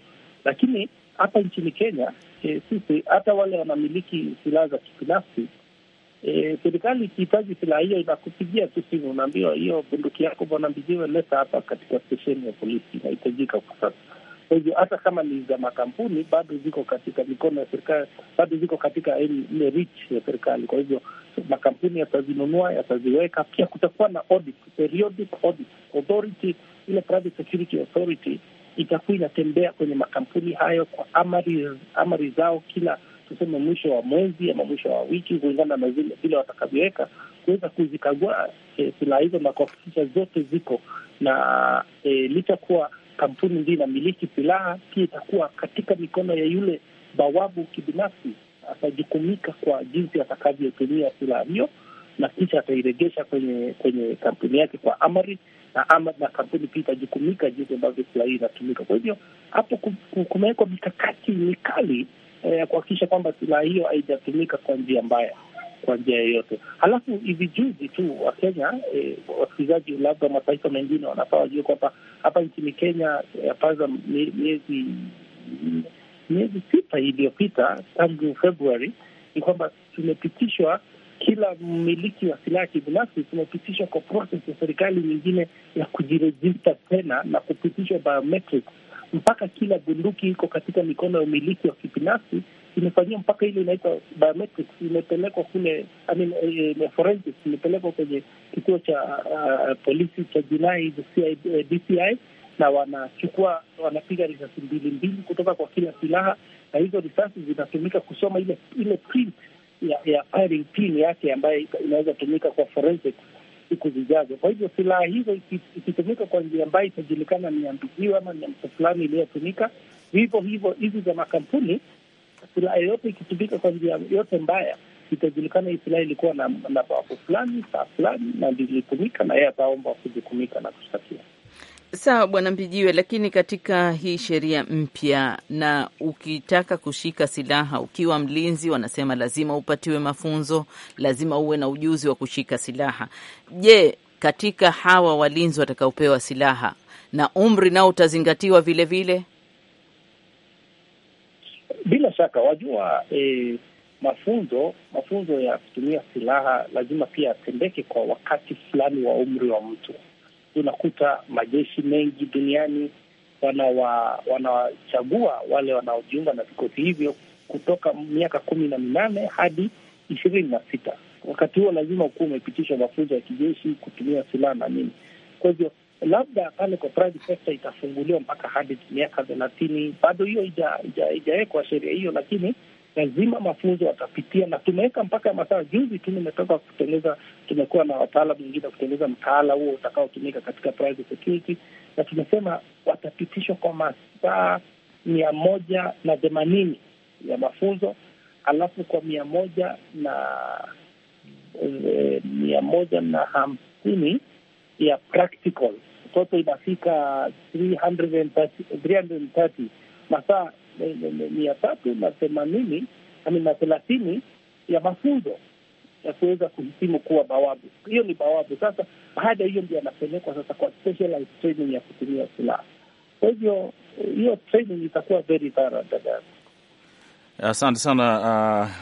lakini hapa nchini Kenya e, sisi hata wale wanamiliki silaha za kibinafsi e, serikali ikihitaji silaha hiyo inakupigia tu simu, unaambiwa hiyo bunduki yako bwana Mbijiwe, leta hapa katika stesheni ya polisi, inahitajika kwa sasa. Kwa hivyo hata kama ni za makampuni bado ziko katika mikono ya serikali, bado ziko katika ile reach ya serikali. Kwa hivyo makampuni yatazinunua, yataziweka. Pia kutakuwa na audit, periodic audit authority, ile private security authority itakuwa inatembea kwenye makampuni hayo kwa amari, amari zao kila tuseme mwisho wa mwezi ama mwisho wa wiki, kulingana na vile watakavyoweka kuweza kuzikagua silaha e, hizo na kuhakikisha zote ziko na e, licha kuwa kampuni ndio inamiliki silaha, pia itakuwa katika mikono ya yule bawabu kibinafsi. Atajukumika kwa jinsi atakavyotumia silaha hiyo, na kisha atairegesha kwenye kwenye kampuni yake kwa amari na ama na kampuni pia itajukumika jinsi ambavyo silaha hii inatumika. Kwa hivyo hapo kumewekwa mikakati mikali eh, ya eh, kuhakikisha kwamba silaha hiyo haijatumika kwa njia mbaya kwa njia yoyote. Halafu hivi juzi tu wa Kenya eh, wasikilizaji labda mataifa mengine wanafaa wajue kwamba hapa nchini Kenya yapaza eh, miezi miezi sita iliyopita tangu Februari ni kwamba tumepitishwa kila mmiliki wa silaha kibinafsi kumepitishwa kwa proses ya serikali nyingine ya kujirejista tena na kupitishwa biometrics mpaka kila bunduki iko katika mikono ya umiliki wa kibinafsi imefanyia mpaka ile inaitwa biometrics imepelekwa kule, I mean, e, imepelekwa kwenye kituo cha uh, polisi cha jinai DCI, na wanachukua wanapiga risasi mbili mbili kutoka kwa kila silaha, na hizo risasi zinatumika kusoma ile ile print ya, ya firing pin yake ambayo inaweza tumika kwa forensic siku zijazo. Kwa hivyo silaha hizo ikitumika kwa njia ambayo itajulikana ni ambigiwa ama ni mtu fulani iliyotumika, vivyo hivyo hizi za makampuni, silaha yoyote ikitumika kwa njia yote mbaya itajulikana hii silaha ilikuwa na mabavu fulani, saa fulani, na ndivyo na yeye ataomba kujukumika na kushtakiwa. Sawa Bwana mbijiwe lakini katika hii sheria mpya, na ukitaka kushika silaha ukiwa mlinzi, wanasema lazima upatiwe mafunzo, lazima uwe na ujuzi wa kushika silaha. Je, katika hawa walinzi watakaopewa silaha na umri nao utazingatiwa vile vile? Bila shaka wajua, e, mafunzo mafunzo ya kutumia silaha lazima pia yatendeke kwa wakati fulani wa umri wa mtu unakuta majeshi mengi duniani wanawa, wana wale wanaojiunga na vikosi hivyo kutoka miaka kumi na minane hadi ishirini na sita. Wakati huo lazima ukuwa umepitishwa mafunzo ya kijeshi kutumia silaha na nini. Kwa hivyo labda pale kwa private sector itafunguliwa mpaka hadi miaka thelathini. Bado hiyo ija sheria hiyo, lakini lazima mafunzo watapitia, na tumeweka mpaka masaa. Juzi tu nimetoka kutengeneza, tumekuwa na wataalam wengine wa kutengeneza mtaala huo utakaotumika katika private security, na tumesema watapitishwa kwa masaa mia moja na themanini ya mafunzo alafu kwa mia moja na e, mia moja na hamsini ya practical, toto inafika 330 masaa mia tatu na themanini na thelathini ya mafunzo ya kuweza kuhitimu kuwa bawabu. Hiyo ni bawabu. Sasa baada ya hiyo ndio anapelekwa sasa kwa specialized training ya kutumia silaha. Kwa hivyo hiyo training itakuwa very thorough, dada yangu. Asante sana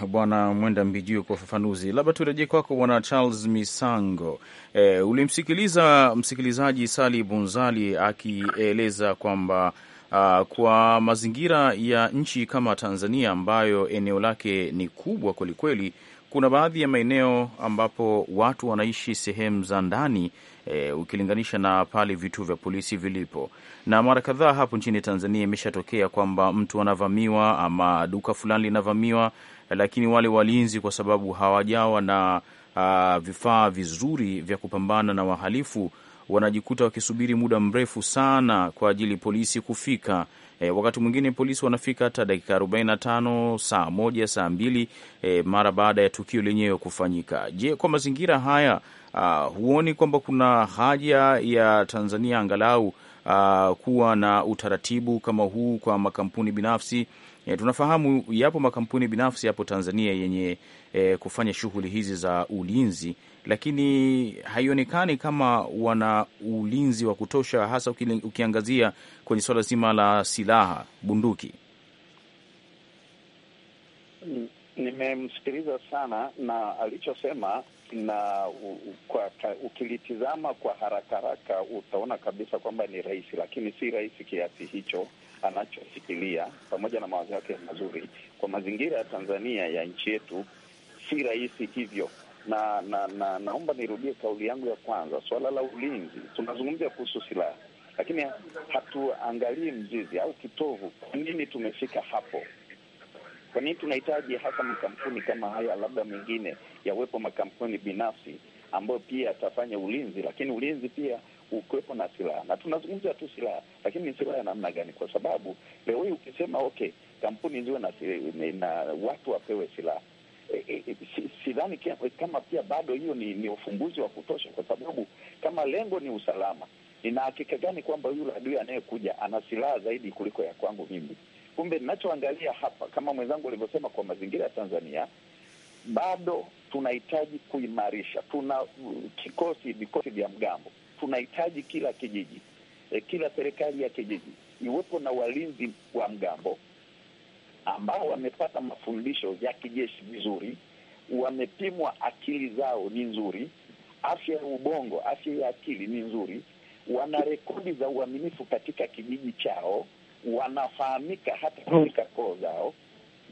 uh, Bwana Mwenda Mbijuu kwa ufafanuzi. Labda turejee kwako Bwana Charles Misango. E, ulimsikiliza msikilizaji Sali Bunzali akieleza kwamba Uh, kwa mazingira ya nchi kama Tanzania ambayo eneo lake ni kubwa kwelikweli, kuna baadhi ya maeneo ambapo watu wanaishi sehemu za ndani e, ukilinganisha na pale vituo vya polisi vilipo, na mara kadhaa hapo nchini Tanzania imeshatokea kwamba mtu anavamiwa ama duka fulani linavamiwa, lakini wale walinzi kwa sababu hawajawa na uh, vifaa vizuri vya kupambana na wahalifu wanajikuta wakisubiri muda mrefu sana kwa ajili polisi kufika. E, wakati mwingine polisi wanafika hata dakika 45, saa moja, saa mbili, e, mara baada ya tukio lenyewe kufanyika. Je, kwa mazingira haya a, ah, huoni kwamba kuna haja ya Tanzania angalau a, ah, kuwa na utaratibu kama huu kwa makampuni binafsi? E, tunafahamu yapo makampuni binafsi hapo Tanzania yenye e, kufanya shughuli hizi za ulinzi lakini haionekani kama wana ulinzi wa kutosha, hasa ukiangazia kwenye suala zima la silaha bunduki. Nimemsikiliza sana na alichosema na ukilitizama kwa haraka haraka utaona kabisa kwamba ni rahisi lakini si rahisi kiasi hicho anachofikiria, pamoja na mawazo yake mazuri. Kwa mazingira ya Tanzania ya nchi yetu, si rahisi hivyo na, na, na naomba nirudie kauli yangu ya kwanza, suala la ulinzi. Tunazungumzia kuhusu silaha, lakini hatuangalii mzizi au kitovu. Kwa nini tumefika hapo? Kwa nini tunahitaji hasa makampuni kama haya? Labda mengine yawepo makampuni binafsi ambayo pia atafanya ulinzi, lakini ulinzi pia ukuwepo na silaha. Na tunazungumzia tu silaha, lakini ni silaha ya namna gani? Kwa sababu leo hii ukisema okay, kampuni ziwe na, na watu wapewe silaha sidhani kama pia bado hiyo ni, ni ufumbuzi wa kutosha, kwa sababu kama lengo ni usalama, nina hakika gani kwamba yule adui anayekuja ana silaha zaidi kuliko ya kwangu mimi? Kumbe ninachoangalia hapa, kama mwenzangu alivyosema, kwa mazingira ya Tanzania bado tunahitaji kuimarisha, tuna kikosi, vikosi vya mgambo, tunahitaji kila kijiji, eh, kila serikali ya kijiji iwepo na walinzi wa mgambo ambao wamepata mafundisho ya kijeshi vizuri, wamepimwa, akili zao ni nzuri, afya ya ubongo, afya ya akili ni nzuri, wana rekodi za uaminifu katika kijiji chao, wanafahamika hata katika koo zao,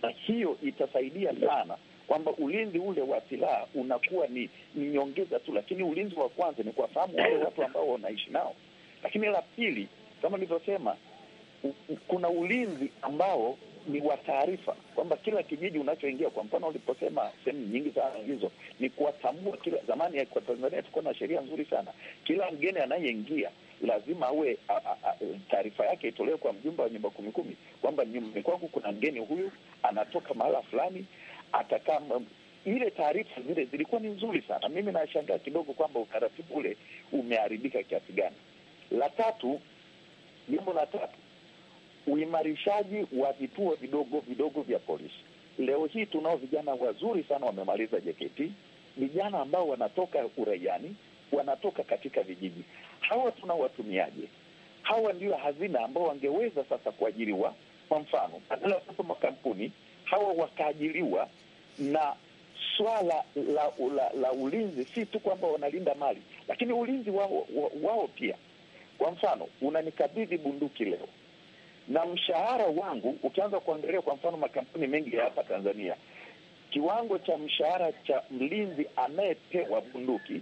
na hiyo itasaidia sana kwamba ulinzi ule wa silaha unakuwa ni, ni nyongeza tu, lakini ulinzi wa kwanza ni kuwafahamu wale watu ambao wanaishi nao. Lakini la pili, kama nilivyosema, kuna ulinzi ambao ni wa taarifa, kwamba kila kijiji unachoingia, kwa mfano uliposema sehemu nyingi sana hizo ni kuwatambua kila. Zamani kwa Tanzania tulikuwa na sheria nzuri sana, kila mgeni anayeingia lazima awe taarifa yake itolewe kwa mjumbe wa nyumba kumi kumi, kwamba nyumbani kwangu kuna mgeni huyu anatoka mahala fulani, atakaa ile taarifa zile zilikuwa ni nzuri sana. Mimi nashangaa kidogo kwamba utaratibu ule umeharibika kiasi gani. La tatu, jambo la tatu uimarishaji wa vituo vidogo vidogo vya polisi. Leo hii tunao vijana wazuri sana wamemaliza JKT, vijana ambao wanatoka uraiani, wanatoka katika vijiji. Hawa tunawatumiaje? Hawa ndio hazina ambao wangeweza sasa kuajiriwa. Kwa mfano, badala ya sasa makampuni hawa wakaajiriwa, na swala la, la, la ulinzi si tu kwamba wanalinda mali, lakini ulinzi wao, wao, wao pia. Kwa mfano, unanikabidhi bunduki leo na mshahara wangu ukianza kuangalia, kwa mfano makampuni mengi ya hapa Tanzania, kiwango cha mshahara cha mlinzi anayepewa bunduki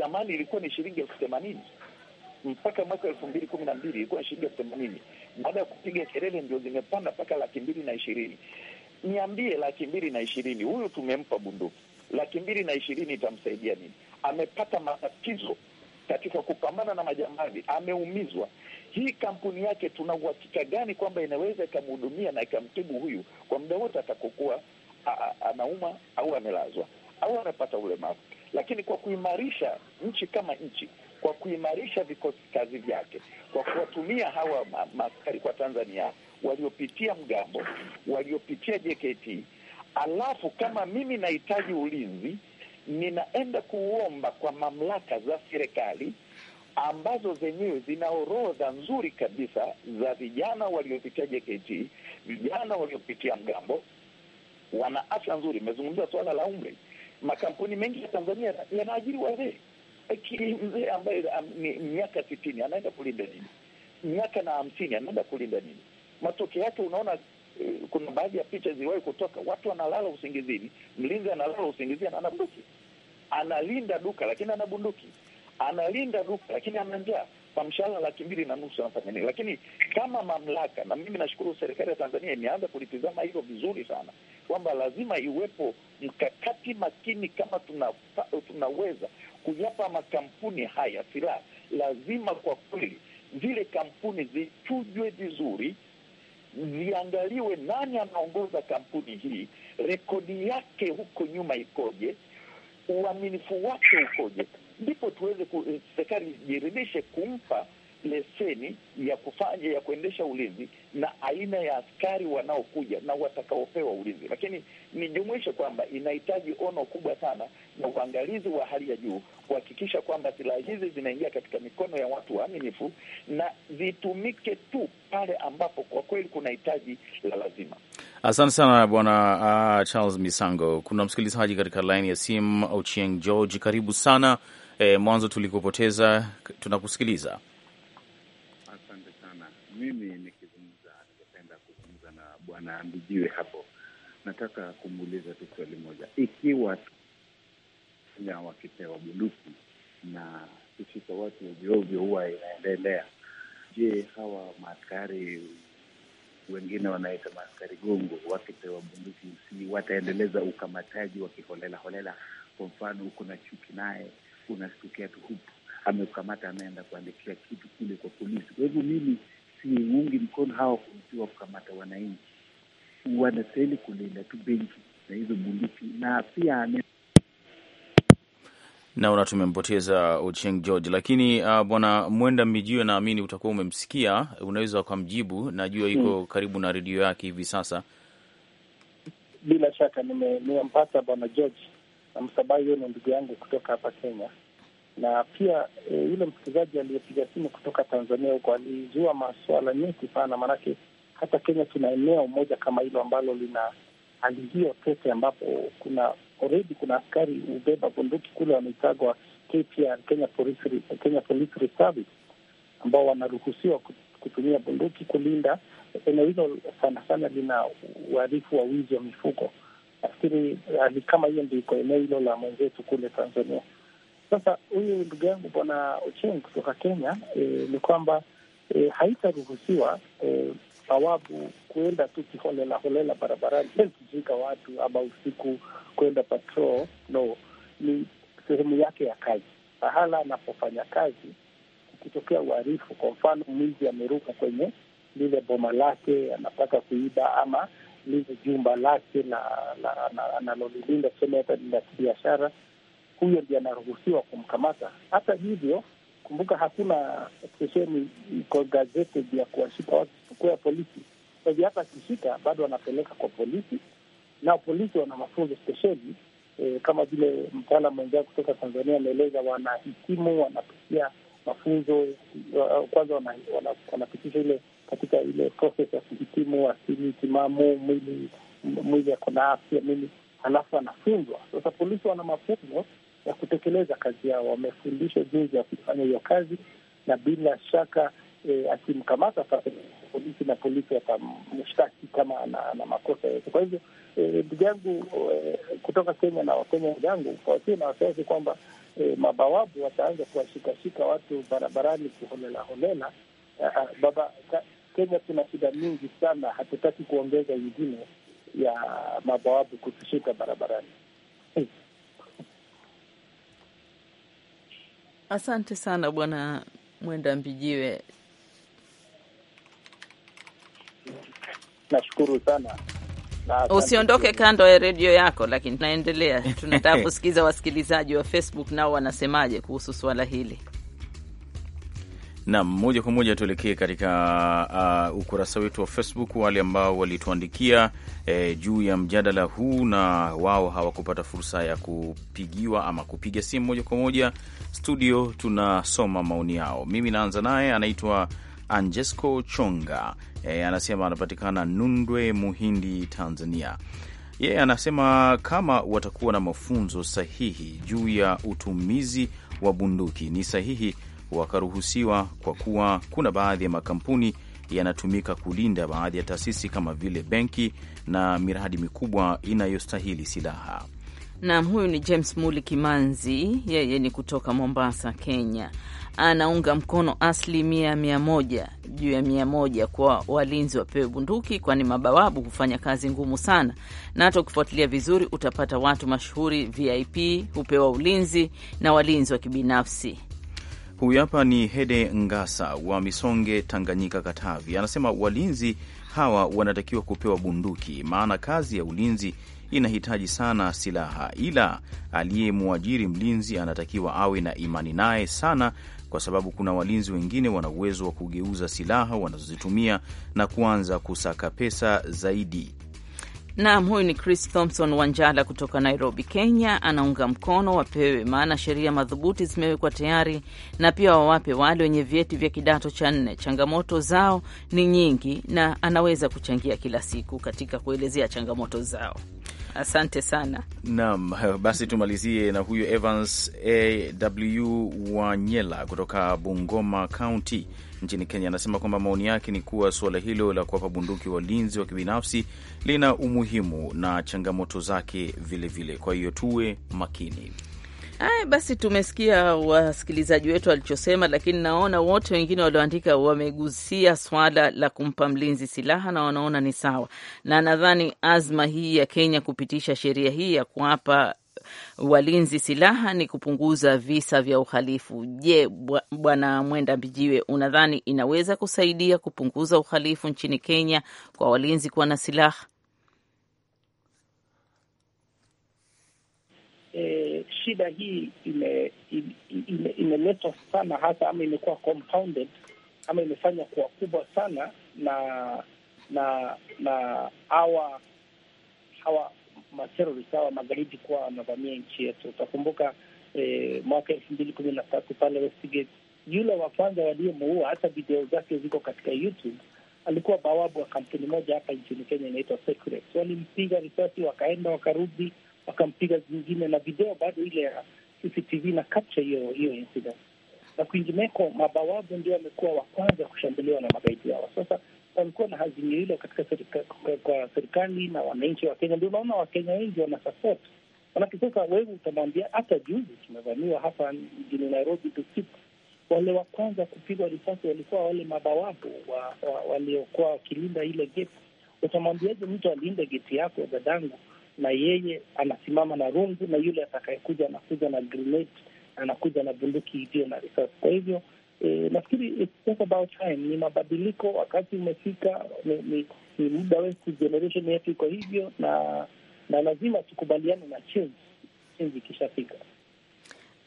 zamani ilikuwa ni shilingi elfu themanini mpaka mwaka elfu mbili kumi na mbili ilikuwa ni shilingi elfu themanini Baada ya kupiga kelele ndio zimepanda mpaka laki mbili na ishirini Niambie, laki mbili na ishirini huyu tumempa bunduki, laki mbili na ishirini itamsaidia nini? Amepata matatizo katika kupambana na majambazi, ameumizwa hii kampuni yake tuna uhakika gani kwamba inaweza ikamhudumia na ikamtibu huyu kwa muda wote atakokuwa anauma au amelazwa au amepata ulemavu. Lakini kwa kuimarisha nchi kama nchi, kwa kuimarisha vikosi kazi vyake, kwa kuwatumia hawa maaskari kwa Tanzania waliopitia mgambo, waliopitia JKT, alafu kama mimi nahitaji ulinzi, ninaenda kuomba kwa mamlaka za serikali ambazo zenyewe zina orodha nzuri kabisa za vijana waliopitia JKT, vijana waliopitia mgambo, wana afya nzuri. Imezungumzia suala la umri. Makampuni mengi ya Tanzania yanaajiri wazee. Mzee ambaye ni miaka sitini anaenda kulinda nini? Miaka na hamsini anaenda kulinda nini? Matokeo yake unaona eh, kuna baadhi ya picha ziliwahi kutoka, watu wanalala usingizini, mlinzi analala usingizini ana bunduki, analinda duka lakini ana bunduki analinda duka, lakini ana njaa kwa mshahara laki mbili na nusu anafanya nini? Lakini kama mamlaka, na mimi nashukuru serikali ya Tanzania imeanza kulitizama hilo vizuri sana, kwamba lazima iwepo mkakati makini. Kama tuna, tunaweza kuyapa makampuni haya silaha, lazima kwa kweli zile kampuni zichujwe vizuri, ziangaliwe nani anaongoza kampuni hii, rekodi yake huko nyuma ikoje, uaminifu wake ukoje ndipo tuweze eh, serikali ijiridhishe kumpa leseni ya kufanya ya kuendesha ulinzi na aina ya askari wanaokuja na watakaopewa ulinzi. Lakini nijumuishe kwamba inahitaji ono kubwa sana na uangalizi wa hali ya juu kuhakikisha kwamba silaha hizi zinaingia katika mikono ya watu waaminifu na zitumike tu pale ambapo kwa kweli kuna hitaji la lazima. Asante sana Bwana uh, Charles Misango. Kuna msikilizaji katika laini ya simu, Ochieng George, karibu sana e, mwanzo tulikupoteza. Tunakusikiliza. Asante sana. Mimi nikizungumza, ningependa kuzungumza na bwana Ambijiwe hapo. Nataka kumuuliza tu swali moja, ikiwa a wakipewa bunduki na kushika watu ovyoovyo huwa inaendelea. Je, hawa maaskari wengine wanaita maaskari gongo, wakipewa bunduki si wataendeleza ukamataji wakiholela holela? Kwa mfano, uko na chuki naye unastukia tu hupu ameukamata, ameenda kuandikia kitu kule kwa polisi. Kwa hivyo mimi siungi mkono hawa wa kukamata wananchi, wanastahili kulinda tu benki na hizo bunduki na pia ane naona tumempoteza Ocheng George, lakini uh, bwana Mwenda Mijio, naamini utakuwa umemsikia, unaweza ukamjibu. Najua hmm. iko hmm, karibu na redio yake hivi sasa. Bila shaka nimempata bwana George na Msabahi, huyo ni ndugu yangu kutoka hapa Kenya, na pia e, yule msikilizaji aliyepiga simu kutoka Tanzania huko alizua maswala nyeti sana, maanake hata Kenya tuna eneo moja kama hilo ambalo lina hali hiyo tete, ambapo kuna already kuna askari hubeba bunduki kule wameitagwa KPR, Kenya Police, Kenya Police ambao wanaruhusiwa kutumia bunduki kulinda eneo hilo. Sana sana lina uharifu wa wizi wa mifugo nafikiri hali uh, kama hiyo ndio iko eneo hilo la mwenzetu kule Tanzania. Sasa huyu ndugu yangu Bwana Ocheng kutoka Kenya e, ni kwamba e, haitaruhusiwa e, eh, sawabu kuenda tu kiholela holela barabarani kushika watu ama usiku kuenda patrol. No, ni sehemu yake ya kazi, pahala anapofanya kazi. Ukitokea uharifu, kwa mfano mwizi ameruka kwenye lile boma lake, anataka kuiba ama lile jumba lake analolilinda, tuseme hata la kibiashara, huyo ndiye anaruhusiwa kumkamata. Hata hivyo, kumbuka hakuna stesheni iko gazete ya kuwashika watu isipokuwa ya polisi. Kwa hivyo hata akishika bado anapeleka kwa polisi, nao polisi wana mafunzo stesheni e, kama vile mtaalam mwenzao kutoka Tanzania ameeleza, wanahitimu wanapitia mafunzo kwanza, wanapitisha ile katika ile proses ya kuhitimu akili timamu, mwili mwili ako na afya nini, halafu anafunzwa sasa. Polisi wana mafunzo ya kutekeleza kazi yao, wamefundishwa jinsi ya kufanya hiyo kazi, na bila shaka e, akimkamata sasa polisi na polisi watamshtaki kama ana, ana makosa yote. Kwa hivyo eh, ndugu yangu e, kutoka Kenya na Wakenya wenzangu wasiwe na wasiwasi kwamba e, mabawabu wataanza kuwashikashika watu barabarani kiholelaholela. Uh, baba Kenya tuna shida mingi sana, hatutaki kuongeza ingine ya mabawabu kutushika barabarani. Asante sana Bwana Mwenda Mbijiwe, nashukuru sana. Usiondoke kando ya redio yako, lakini tunaendelea, tunataka kusikiza wasikilizaji wa Facebook nao wanasemaje kuhusu suala hili. Nam, moja kwa moja tuelekee katika uh, ukurasa wetu wa Facebook. Wale ambao walituandikia eh, juu ya mjadala huu na wao hawakupata fursa ya kupigiwa ama kupiga simu moja kwa moja studio, tunasoma maoni yao. Mimi naanza naye, anaitwa Anjesco Chonga eh, anasema anapatikana Nundwe, Muhindi, Tanzania. Yeye yeah, anasema kama watakuwa na mafunzo sahihi juu ya utumizi wa bunduki ni sahihi wakaruhusiwa kwa kuwa kuna baadhi ya makampuni yanatumika kulinda baadhi ya taasisi kama vile benki na miradi mikubwa inayostahili silaha. Naam, huyu ni James Muli Kimanzi, yeye ni kutoka Mombasa, Kenya. Anaunga mkono asilimia mia moja juu ya mia moja kwa walinzi wapewe bunduki, kwani mabawabu hufanya kazi ngumu sana, na hata ukifuatilia vizuri utapata watu mashuhuri VIP hupewa ulinzi na walinzi wa kibinafsi. Huyu hapa ni Hede Ngasa wa Misonge, Tanganyika, Katavi, anasema walinzi hawa wanatakiwa kupewa bunduki, maana kazi ya ulinzi inahitaji sana silaha, ila aliyemwajiri mlinzi anatakiwa awe na imani naye sana, kwa sababu kuna walinzi wengine wana uwezo wa kugeuza silaha wanazozitumia na kuanza kusaka pesa zaidi Naam, huyu ni Chris Thompson Wanjala kutoka Nairobi, Kenya. Anaunga mkono wapewe, maana sheria madhubuti zimewekwa tayari, na pia wawape wale wenye vyeti vya kidato cha nne. Changamoto zao ni nyingi, na anaweza kuchangia kila siku katika kuelezea changamoto zao. Asante sana. Naam, basi tumalizie na huyu Evans Aw Wanyela kutoka Bungoma Kaunti nchini Kenya anasema kwamba maoni yake ni kuwa suala hilo la kuwapa bunduki walinzi wa kibinafsi lina umuhimu na changamoto zake vilevile, kwa hiyo tuwe makini. Aya, basi tumesikia wasikilizaji wetu walichosema, lakini naona wote wengine walioandika wamegusia swala la kumpa mlinzi silaha na wanaona ni sawa, na nadhani azma hii ya Kenya kupitisha sheria hii ya kuwapa walinzi silaha ni kupunguza visa vya uhalifu. Je, Bwana Mwenda Mbijiwe, unadhani inaweza kusaidia kupunguza uhalifu nchini Kenya kwa walinzi kuwa na silaha? E, shida hii imeletwa ime, ime, ime sana hasa ama imekuwa compounded ama imefanya kuwa kubwa sana na na na hawa hawa materorist hawa magharibi kuwa wanavamia nchi yetu. Utakumbuka eh, mwaka elfu mbili kumi na tatu pale Westgate, yule wa kwanza waliyemuua, hata video zake ziko katika YouTube, alikuwa bawabu wa kampuni moja hapa nchini Kenya inaitwa Securex. Walimpiga risasi, wakaenda wakarudi, wakampiga zingine, na video bado ile ya CCTV na capture hiyo hiyo incident na kwingineko, mabawabu ndio wamekuwa wa kwanza kushambuliwa na magaidi hawa. Sasa walikuwa na hazimio hilo katika kwa serikali na wananchi wa Kenya. Ndio unaona Wakenya wengi wanasupport, manake sasa wewe utamwambia, hata juzi tumevamiwa hapa mjini Nairobi tusiku, wale wa kwanza kupigwa risasi walikuwa wale mabawabu wa, wa, waliokuwa wakilinda ile geti. Utamwambiaje mtu alinde geti yako dadangu, na yeye anasimama na rungu, na yule atakayekuja anakuja na grenade, anakuja na bunduki iliyo na risasi. Kwa hivyo Eh, nafikiri ni mabadiliko, wakati umefika, ni muda wetu, generation yetu iko hivyo, na na lazima tukubaliane na change, change ikishafika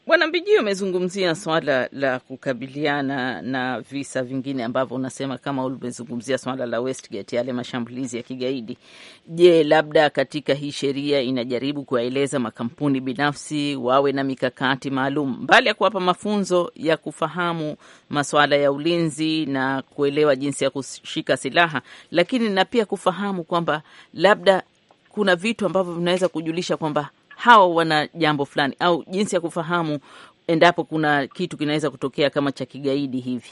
Bwana Mbiji, umezungumzia swala la kukabiliana na visa vingine ambavyo unasema kama umezungumzia swala la Westgate, yale mashambulizi ya kigaidi. Je, labda katika hii sheria inajaribu kuwaeleza makampuni binafsi wawe na mikakati maalum, mbali ya kuwapa mafunzo ya kufahamu maswala ya ulinzi na kuelewa jinsi ya kushika silaha, lakini na pia kufahamu kwamba labda kuna vitu ambavyo vinaweza kujulisha kwamba hawa wana jambo fulani au jinsi ya kufahamu endapo kuna kitu kinaweza kutokea kama cha kigaidi hivi?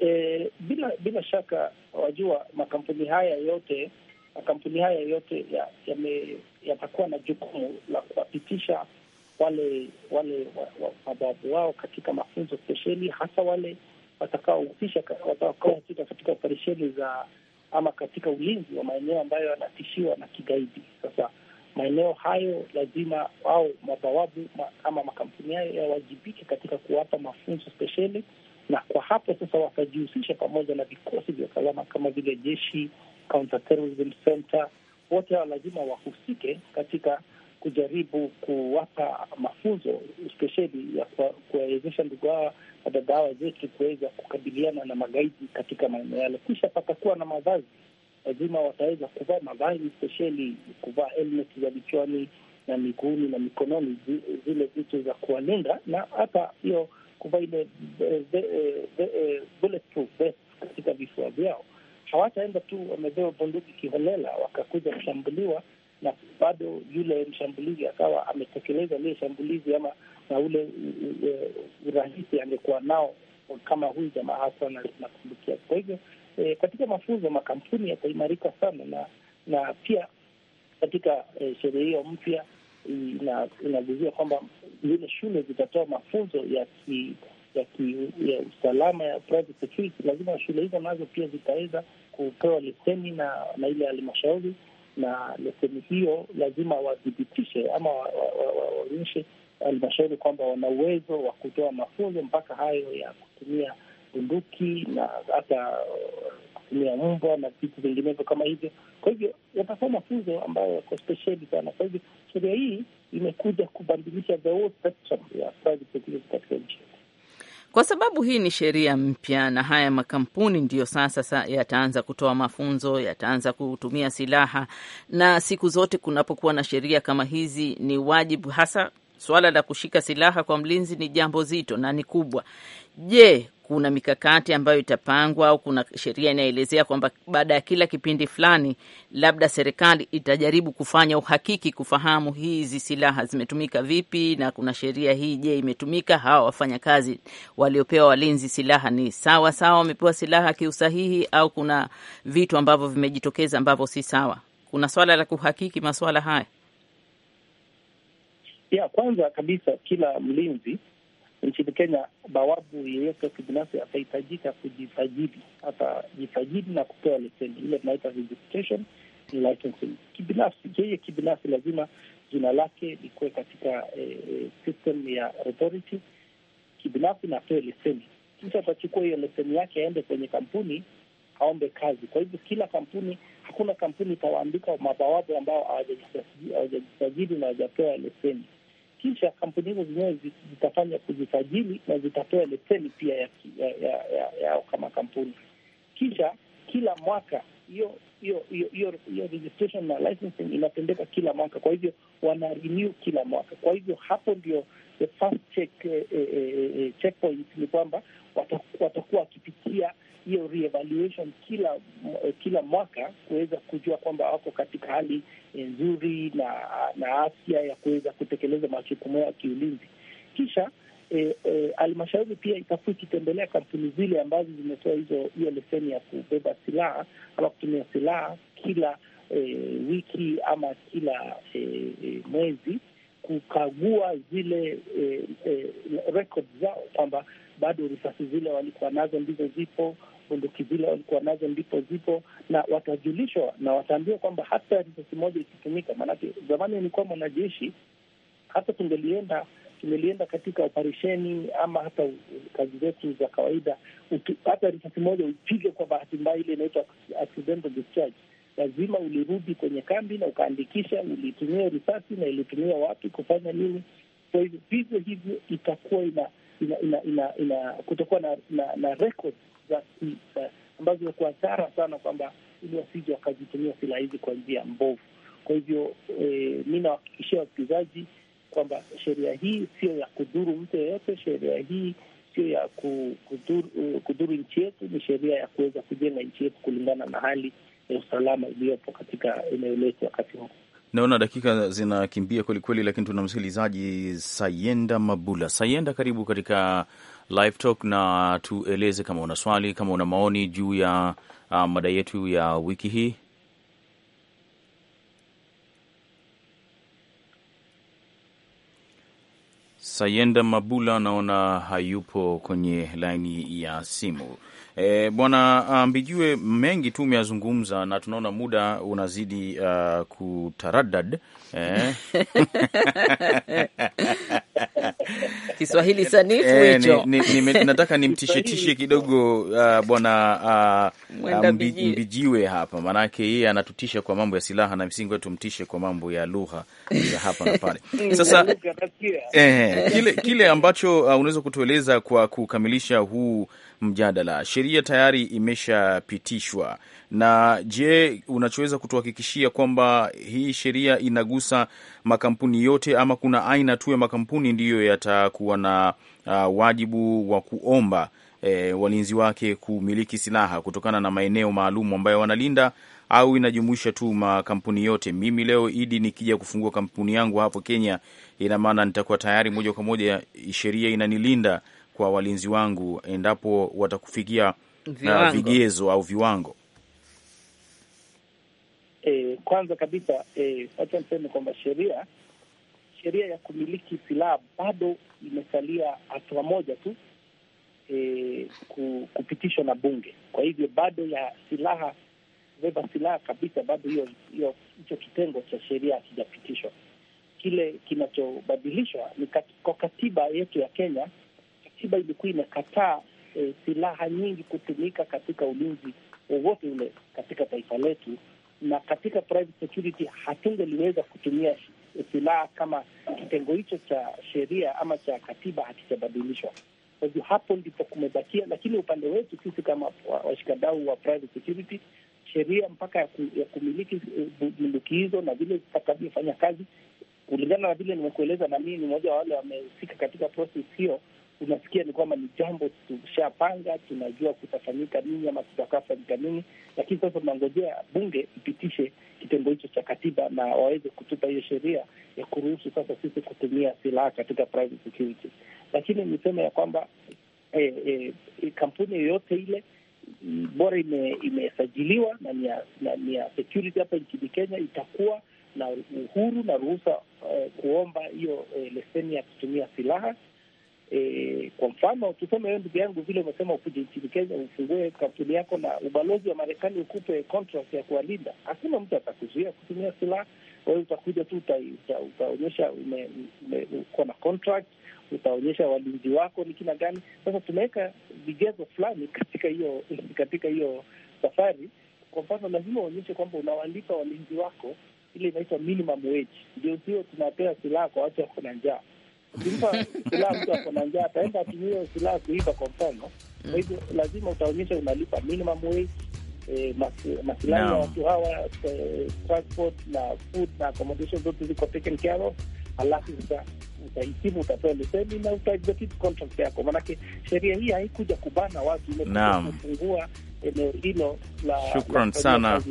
E, bila bila shaka wajua, makampuni haya yote makampuni haya yote yatakuwa ya ya na jukumu la kuwapitisha wale wale wababu wao katika mafunzo spesheli, hasa wale watakaohusika katika operesheni za ama katika ulinzi wa maeneo ambayo yanatishiwa na kigaidi. Sasa maeneo hayo lazima au mabawabu ma, ama makampuni hayo yawajibike katika kuwapa mafunzo spesheli, na kwa hapo sasa watajihusisha pamoja na vikosi vya usalama kama vile jeshi, counter terrorism center, wote hao lazima wahusike katika kujaribu kuwapa mafunzo spesheli ya kuwawezesha ndugu hawa na dada hawa zetu kuweza kukabiliana na magaidi katika maeneo yale. Kisha patakuwa na mavazi, lazima wataweza kuvaa mavazi spesheli, kuvaa helmet za vichwani na miguuni na mikononi, zile vitu za kuwalinda, na hata hiyo kuvaa ile e, e, bulletproof vest katika vifua vyao. Hawataenda tu wamebeba bunduki kiholela wakakuja kushambuliwa na bado yule mshambulizi akawa ametekeleza lile shambulizi ama na ule urahisi angekuwa nao kama huyu jamaa hakuwa nakumbukia. Kwa hivyo e, katika mafunzo makampuni yataimarika sana, na na pia katika e, sheria hiyo mpya inaguzia kwamba zile shule zitatoa mafunzo ya ki, ya, ki, ya usalama ya private security. Lazima shule hizo nazo pia zitaweza kupewa leseni na, na ile halmashauri na leseni hiyo lazima wathibitishe ama waonyeshe halmashauri kwamba wana uwezo wa kutoa mafunzo mpaka hayo ya kutumia bunduki na hata uh, kutumia mbwa na vitu vinginevyo kama hivyo. Kwa hivyo yatakuwa mafunzo ambayo yako spesheli sana. Kwa hivyo sheria hii imekuja kubadilisha the whole spectrum ya private security katika nchi yetu kwa sababu hii ni sheria mpya, na haya makampuni ndiyo sasa sa yataanza kutoa mafunzo, yataanza kutumia silaha, na siku zote kunapokuwa na sheria kama hizi ni wajibu hasa Suala la kushika silaha kwa mlinzi ni jambo zito na ni kubwa. Je, kuna mikakati ambayo itapangwa au kuna sheria inaelezea kwamba baada ya kila kipindi fulani, labda serikali itajaribu kufanya uhakiki kufahamu hizi silaha zimetumika vipi, na kuna sheria hii, je, imetumika? Hawa wafanyakazi waliopewa walinzi silaha ni sawa sawa, wamepewa silaha kiusahihi, au kuna vitu ambavyo vimejitokeza ambavyo si sawa? Kuna swala la kuhakiki maswala haya ya kwanza kabisa, kila mlinzi nchini Kenya, bawabu yeyote wa kibinafsi atahitajika kujisajili, atajisajili na kupewa leseni ile tunaita registration licensing. Kibinafsi yeye kibinafsi lazima jina lake likuwe katika eh, system ya authority kibinafsi na apewe leseni, kisha atachukua hiyo leseni yake aende kwenye kampuni aombe kazi. Kwa hivyo kila kampuni, hakuna kampuni itawaandika mabawabu ambao hawajajisajili na hawajapewa leseni kisha kampuni hizo zenyewe zitafanya kujisajili na zitapewa leseni pia ya yao ya, ya kama kampuni. Kisha kila mwaka hiyo hiyo hiyo registration na licensing inatendeka kila mwaka, kwa hivyo wana renew kila mwaka. Kwa hivyo hapo ndio the first check, eh, eh, eh, eh checkpoint ni kwamba watakuwa wakipitia hiyo re-evaluation kila eh, kila mwaka kuweza kujua kwamba wako katika hali eh, nzuri na na afya ya kuweza kutekeleza majukumu yao kiulinzi. Kisha eh, halmashauri e, e, pia itakuwa ikitembelea kampuni zile ambazo zimetoa hizo hiyo leseni ya kubeba silaha ama kutumia silaha kila e, wiki ama kila e, mwezi kukagua zile e, e, records zao kwamba bado risasi zile walikuwa nazo ndizo zipo, bunduki zile walikuwa nazo ndipo zipo, na watajulishwa na wataambiwa kwamba hata risasi moja ikitumika. Maanake zamani alikuwa mwanajeshi, hata tungelienda tumelienda katika operesheni ama hata kazi zetu za kawaida, hata risasi moja upige kwa bahati mbaya, ile inaitwa accidental discharge, lazima ulirudi kwenye kambi na ukaandikisha ulitumia risasi na ilitumia wapi kufanya nini. Kwa hivyo vivyo hivyo itakuwa ina, ina, ina, ina, ina kutakuwa na, na, na record za ambazo zimekuwa dhara sana, kwamba ili wasije wakazitumia silaha hizi kwa njia mbovu. Kwa hivyo e, mi nawahakikishia wasikilizaji kwamba sheria hii sio ya kudhuru mtu yeyote. Sheria hii sio ya kudhuru, eh, kudhuru nchi yetu. Ni sheria ya kuweza kujenga nchi yetu kulingana na hali ya usalama iliyopo katika eneo letu wakati huu. Naona dakika zinakimbia kwelikweli, lakini tuna msikilizaji Sayenda Mabula. Sayenda, karibu katika Live Talk na tueleze kama una swali, kama una maoni juu ya uh, mada yetu ya wiki hii. Sayenda Mabula naona hayupo kwenye laini ya simu. E, Bwana ah, Mbijue, mengi tu umeyazungumza na tunaona muda unazidi uh, ah, kutaradad e. Eh? Kiswahili sanifu eh, hicho. Nataka nimtishetishe kidogo uh, Bwana uh, mbi, Mbijiwe hapa, maanake yeye anatutisha kwa mambo ya silaha na msingi wetu mtishe kwa mambo ya lugha ya hapa na pale. Sasa eh, kile, kile ambacho uh, unaweza kutueleza kwa kukamilisha huu mjadala. Sheria tayari imeshapitishwa, na je, unachoweza kutuhakikishia kwamba hii sheria inagusa makampuni yote ama kuna aina tu ya makampuni ndiyo yatakuwa na uh, wajibu wa kuomba E, walinzi wake kumiliki silaha kutokana na maeneo maalum ambayo wanalinda au inajumuisha tu makampuni yote? Mimi leo Idi, nikija kufungua kampuni yangu hapo Kenya, ina maana nitakuwa tayari moja kwa moja sheria inanilinda kwa walinzi wangu endapo watakufikia uh, na vigezo au viwango? E, kwanza kabisa e, wacha niseme kwamba sheria sheria ya kumiliki silaha bado imesalia hatua moja tu e, kupitishwa na Bunge. Kwa hivyo bado ya silaha kubeba silaha kabisa, bado hiyo hiyo hicho kitengo cha sheria hakijapitishwa. Kile kinachobadilishwa ni kat, kwa katiba yetu ya Kenya katiba ilikuwa imekataa e, silaha nyingi kutumika katika ulinzi wowote ule katika taifa letu, na katika private security hatungeliweza kutumia e, silaha kama kitengo hicho cha sheria ama cha katiba hakijabadilishwa. Kwa hivyo hapo ndipo kumebakia, lakini upande wetu sisi kama washikadau wa private security, sheria mpaka ya kumiliki e, bunduki hizo na vile zitakavyofanya kazi kulingana na vile nimekueleza, na mii ni mmoja wa wale wamehusika katika proses hiyo unasikia ni kwamba ni jambo tushapanga, tunajua kutafanyika nini ama kutakafanyika nini, lakini sasa tunangojea bunge ipitishe kitengo hicho cha katiba na waweze kutupa hiyo sheria ya kuruhusu sasa sisi kutumia silaha katika private security. Lakini niseme ya kwamba eh, eh, kampuni yoyote ile bora imesajiliwa ime na ni ya security hapa nchini Kenya itakuwa na uhuru na ruhusa eh, kuomba hiyo eh, leseni ya kutumia silaha E, kwa mfano tuseme, ndugu yangu, vile umesema ukuje nchini Kenya ufungue kampuni yako na ubalozi wa Marekani ukupe contract ya kuwalinda, hakuna mtu atakuzuia kutumia silaha. Wewe utakuja tu utaonyesha uko na contract, utaonyesha walinzi wako ni kina gani. Sasa tumeweka vigezo fulani katika hiyo katika hiyo safari. Kwa mfano, lazima uonyeshe kwamba unawalipa walinzi wako ile inaitwa minimum wage, ndio sio tunapea silaha kwa watu wako na njaa ukimpa silaha mtu ako na njaa ataenda atumie hiyo silaha kuiba, kwa mfano. Kwa hivyo lazima utaonyesha unalipa minimum wage E, masilahi ya watu hawa eh, transport na food na accommodation zote ziko taken care of, alafu utahitimu, utatoa leseni na uta execute contract yako, maanake sheria hii haikuja kubana watu, imefungua no eneo hilo la shukran sana,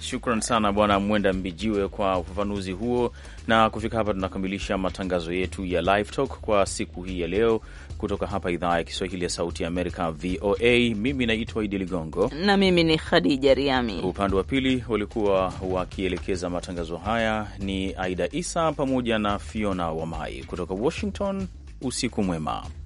shukran sana Bwana Mwenda Mbijiwe kwa ufafanuzi huo. Na kufika hapa, tunakamilisha matangazo yetu ya Live Talk kwa siku hii ya leo kutoka hapa idhaa ya Kiswahili ya Sauti ya Amerika, VOA. Mimi naitwa Idi Ligongo na mimi ni Khadija Riami. Upande wa pili walikuwa wakielekeza matangazo haya ni Aida Isa pamoja na Fiona Wamai kutoka Washington. Usiku mwema.